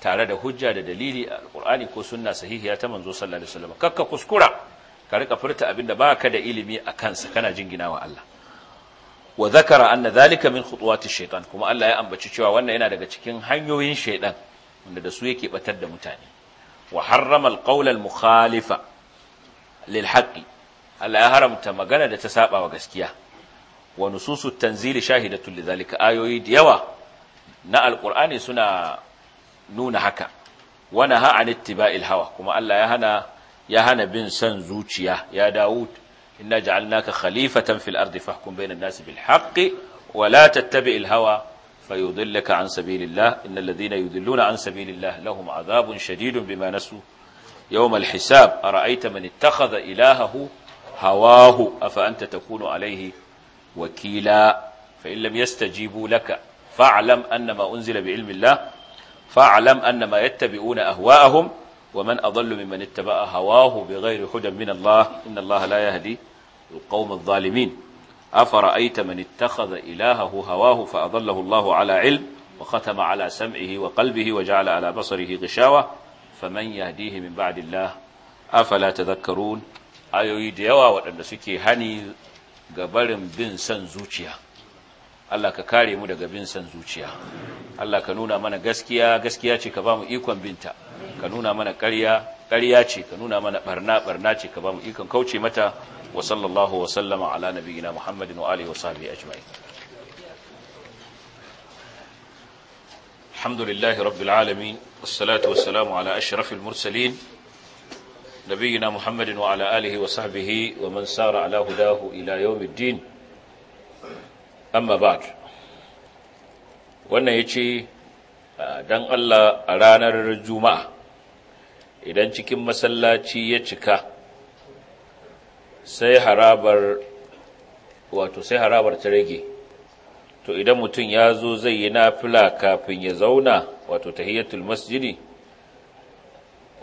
tare da hujja da dalili a alkur'ani ko sunna sahihiya ta manzo sallallahu alaihi wasallam kakka kuskura ka rika furta abin da baka da ilimi a kansa kana jinginawa Allah wa zakara anna zalika min khutuwati shaytan kuma Allah ya ambaci cewa wannan yana daga cikin hanyoyin shaytan wanda da su yake batar da mutane wa harrama alqawla almukhalifa lilhaƙi Allah ya haramta magana da ta saba wa gaskiya wa nususu tanzili shahidatul lidhalika ayoyi da yawa na alqur'ani suna nuna haka wa naha an hawa kuma Allah ya hana ya hana bin san zuciya ya dawo inna ja'alnaka khalifatan fil ardi fahkum bainan nasi bil haqqi wa la tattabi'il hawa fayudillaka an sabilillah innal ladhina yudilluna an sabilillah lahum adhabun shadidun bima nasu يوم الحساب أرأيت من اتخذ إلهه هواه أفأنت تكون عليه وكيلا فإن لم يستجيبوا لك فاعلم أن ما أنزل بعلم الله فاعلم أن ما يتبعون أهواءهم ومن أضل ممن اتبع هواه بغير هدى من الله إن الله لا يهدي القوم الظالمين أفرأيت من اتخذ إلهه هواه فأضله الله على علم وختم على سمعه وقلبه وجعل على بصره غشاوة faman yahdihi min ba'dillah afala tadhakkarun ayoyi da yawa waɗanda suke hani ga barin bin san zuciya Allah ka kare mu daga bin san zuciya Allah ka nuna mana gaskiya gaskiya ce ka bamu ikon binta ka nuna mana ƙarya ƙarya ce ka nuna mana barna barna ce ka bamu ikon kauce mata wa sallallahu wa sallama ala nabiyyina Muhammadin wa alihi wa sahbihi ajma'in alhamdulillahi rabbil alamin والصلاة والسلام على أشرف المرسلين نبينا محمد وعلى آله وصحبه ومن سار على هداه إلى يوم الدين أما بعد wannan ya ce don Allah a ranar juma'a idan cikin masallaci ya cika sai harabar wato sai harabar ta rage to idan mutum ya zo zai yi nafila kafin ya zauna wato tahiyatul masjidi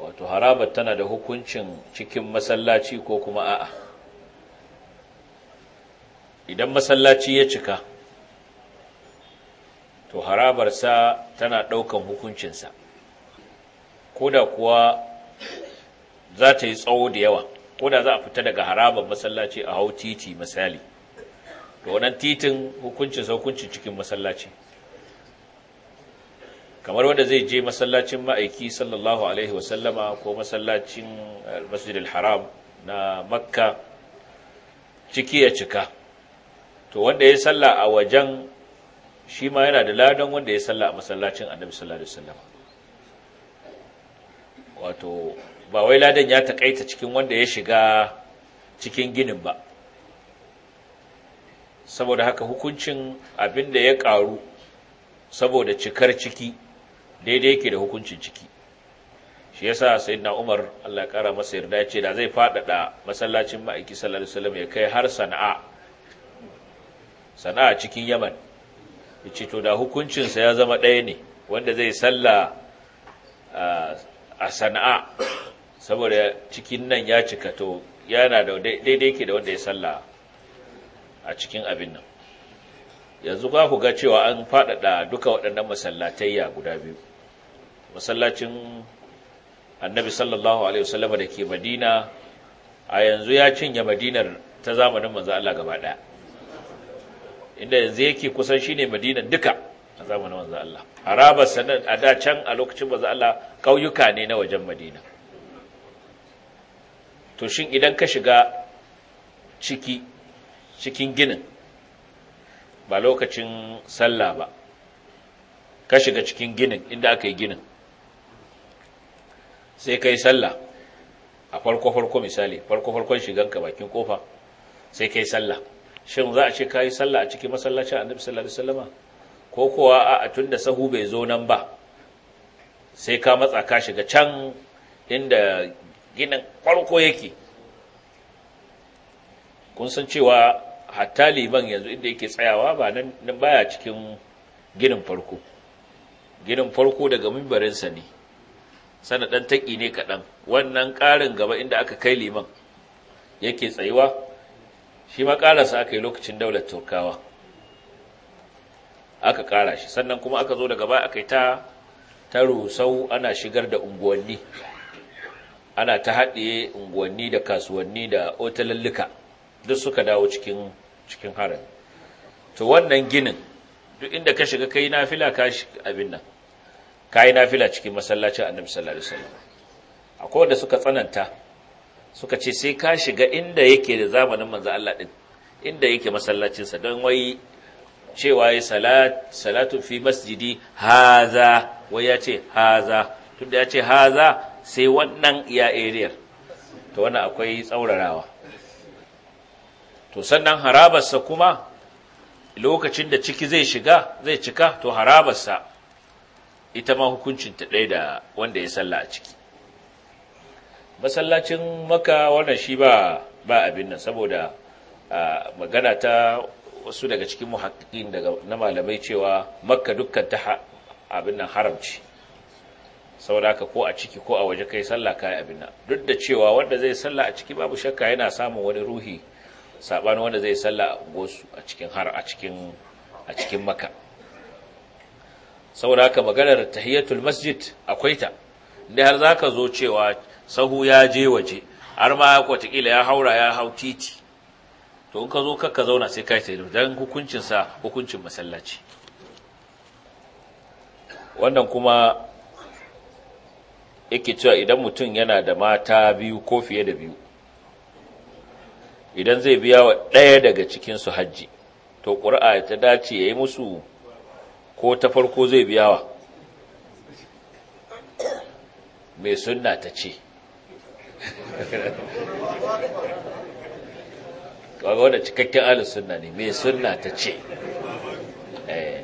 wato harabar tana da hukuncin cikin masallaci ko kuma a'a idan masallaci ya cika to harabarsa tana ɗaukan hukuncinsa koda kuwa za ta yi tsawo da yawa koda za a fita daga harabar masallaci a hau titi misali to wannan titin hukuncin saukuncin hukuncin cikin masallaci kamar wanda zai je masallacin ma'aiki sallallahu alaihi wasallama ko masallacin eh, masjid al-haram na makka ciki ya cika to wanda ya salla a wajen shi ma yana da ladan wanda ya salla a masallacin annabi sallallahu alaihi wasallama wato ba wai ladan ya taƙaita cikin wanda ya shiga cikin ginin ba saboda haka hukuncin abin da ya ƙaru saboda cikar ciki daidai yake da hukuncin ciki shi yasa na Umar Allah ya kara masa yarda ya ce da zai faɗaɗa masallacin ma'aiki sallallahu alaihi ya kai har Sana'a Sana'a cikin Yaman ce to da hukuncinsa ya zama ɗaya ne wanda zai salla a Sana'a saboda cikin nan ya cika to yana da daidai yake da wanda ya salla a cikin abin nan yanzu ga ku ga cewa an faɗaɗa duka waɗannan masallatayya guda biyu masallacin annabi sallallahu alaihi wasallam da ke madina a yanzu ya cinye madinar ta zamanin manzo Allah gaba ɗaya inda yanzu yake kusan shine madinar duka a zamanin manzo Allah haraba sanan a da can a lokacin manzo Allah kauyuka ne na wajen madina to shin idan ka shiga ciki cikin ginin ba lokacin sallah ba ka shiga cikin ginin inda aka yi ginin sai ka yi sallah a farko-farko misali farko-farkon shiganka bakin kofa sai ka yi sallah shin za a ce ka yi sallah a cikin masallacin annabi sallallahu alaihi wasallama ko kowa a tun da sahu bai zo nan ba sai ka matsa ka shiga can inda ginin farko yake kun san cewa hatta liman yanzu inda yake tsayawa ba nan baya cikin ginin farko ginin farko daga mimbarinsa ne sana ɗan taƙi ne kaɗan wannan ƙarin gaba inda aka kai liman yake tsayuwa shi ma ƙararsa aka yi lokacin daular turkawa aka ƙara shi sannan kuma aka zo daga baya aka yi ta ta rusau ana shigar da unguwanni ana ta haɗe unguwanni da kasuwanni da otalallika duk suka dawo cikin cikin harin to wannan ginin duk inda ka shiga kai nafila ka abin nan kai nafila cikin masallacin annabi sallallahu alaihi wasallam akwai wanda suka tsananta suka ce sai ka shiga inda yake da zamanin manzo Allah din inda yake masallacin sa don wai cewa ya salat salatu fi masjidi haza wai ya ce haza tunda ya ce haza sai wannan ya area to wannan akwai tsaurarawa to sannan harabarsa kuma lokacin da ciki zai shiga zai cika to harabarsa ita ma hukuncin ta ɗaya da wanda ya salla a ciki masallacin maka wannan shi ba ba abin nan saboda magana ta wasu daga cikin muhakkikin daga na malamai cewa makka dukkan ta abin nan haramci saboda haka ko a ciki ko a waje kai sallah kai abin nan duk da cewa wanda zai sallah a ciki babu shakka yana samun wani ruhi sabani wanda zai salla gosu a cikin har a cikin a cikin maka saboda haka maganar tahiyatul masjid akwai ta inda har zaka zo cewa sahu ya je waje har ma kwatakila ya haura ya hau titi to in ka zo ka zauna sai kai tayi dan hukuncin sa hukuncin masallaci wannan kuma yake cewa idan mutum yana da mata biyu ko fiye da biyu idan zai biya wa ɗaya daga cikinsu hajji to ƙura'a ta dace ya yi musu ko ta farko zai biya wa mai suna ta ce ƙwaga wadda cikakken alin suna ne mai suna ta ce eh.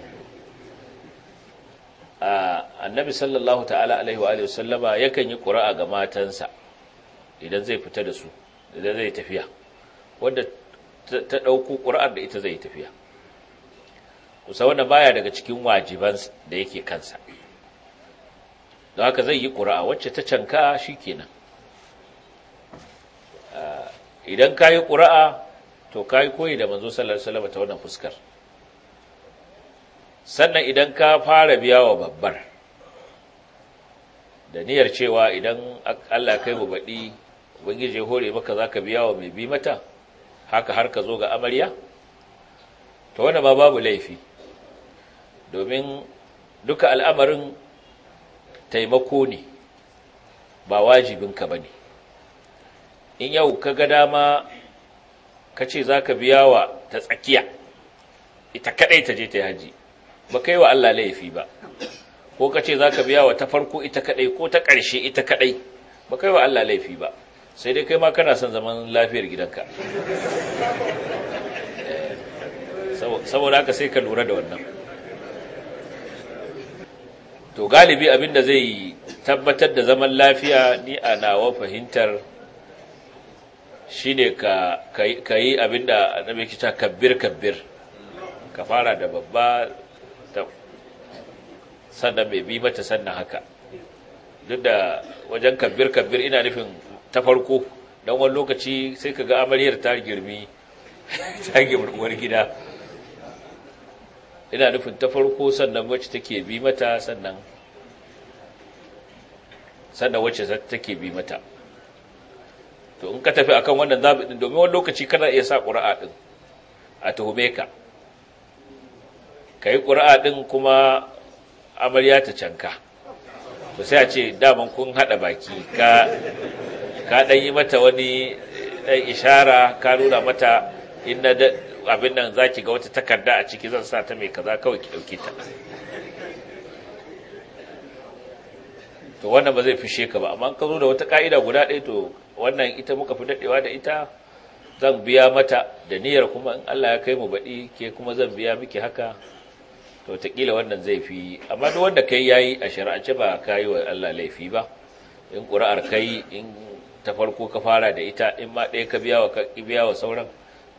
annabi sallallahu ta'ala alaihi wa sallama yakan yi ƙura'a ga matansa idan zai fita da su idan zai tafiya wanda ta ɗauko ƙura'ar da ita zai tafiya kusa wanda baya daga cikin wajiban da yake kansa don haka zai yi ƙura'a wacce ta canka shi kenan ah, idan ka yi ƙura'a to ka yi koyi da manzo sallallahu ta wannan fuskar sannan idan ka fara biya wa babbar da niyyar cewa idan Allah kai mu baɗi ubangiji ya hore maka za ka biya wa mai bi mata haka har ka zo ga amarya to wanda ba babu laifi domin duka al'amarin taimako ne ba wajibinka ba ne in yau ka ga dama ka ce za ka biya wa ta tsakiya ita kadai ta je ta yi haji ba kai wa Allah laifi ba ko ka ce za ka biya wa ta farko ita kadai ko ta ƙarshe ita kadai ba kai wa Allah laifi ba sai dai kai ma kana son zaman lafiyar gidanka saboda haka sai ka lura da wannan to galibi abinda zai tabbatar da zaman lafiya ni a nawa fahimtar shi ne ka yi abinda na yake kita kabbir kabbir ka fara da babba sannan mai bi mata sannan haka duk da wajen kabbir kabbir ina nufin ta farko don wani lokaci sai ka ga amaryar ta girmi ta girmuwar gida ina nufin ta farko sannan wacce take bi mata sannan sannan wacce take bi mata to in ka tafi akan wannan zabi din domin wani lokaci kana iya sa ƙura'a din a tuhume ka kai ƙura'a din kuma amarya ta canka to sai a ce daman kun hada baki ka ka dan yi mata wani dan ishara ka nuna mata inna da abin nan zaki ga wata takarda a ciki zan sa ta mai kaza kawai ki dauke ta to wannan ba zai fishe ka ba amma ka zo da wata ka'ida guda ɗaya to wannan ita muka fi daɗewa da ita zan biya mata da niyyar kuma in Allah ya kai mu baɗi ke kuma zan biya miki haka to taƙila wannan zai fi amma duk wanda kai yayi a shari'ance ba ka yi wa Allah laifi ba in ƙuri'ar kai in ta farko ka fara da ita in ma ɗaya ka biya wa ka biya wa sauran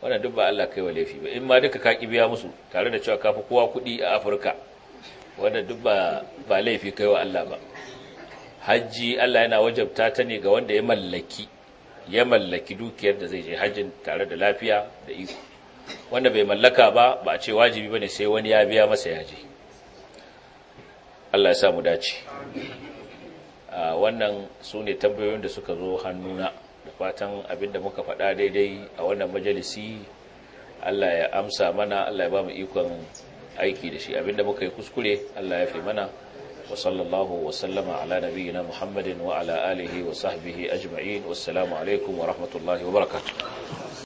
wannan duk ba Allah kai wa laifi ba in ma duka ka ki biya musu tare da cewa ka fi kowa kuɗi a Afirka wannan duk ba ba laifi kai wa Allah ba hajji Allah yana wajabta ta ne ga wanda ya mallaki ya mallaki dukiyar da zai je hajjin tare da lafiya da iko wanda bai mallaka ba ba a ce wajibi bane sai wani ya biya masa ya je. Allah ya sa mu dace wannan su ne tambayoyin da suka zo hannuna da fatan abinda muka faɗa daidai a wannan majalisi Allah ya amsa mana Allah ya ba mu ikon aiki da shi abinda muka yi kuskure Allah ya fi mana wa sallallahu wa sallama ala nabiyina Muhammadin wa ala alihi wa sahbihi ajma'in wassalamu alaikum wa rahmatullahi wa barakatuh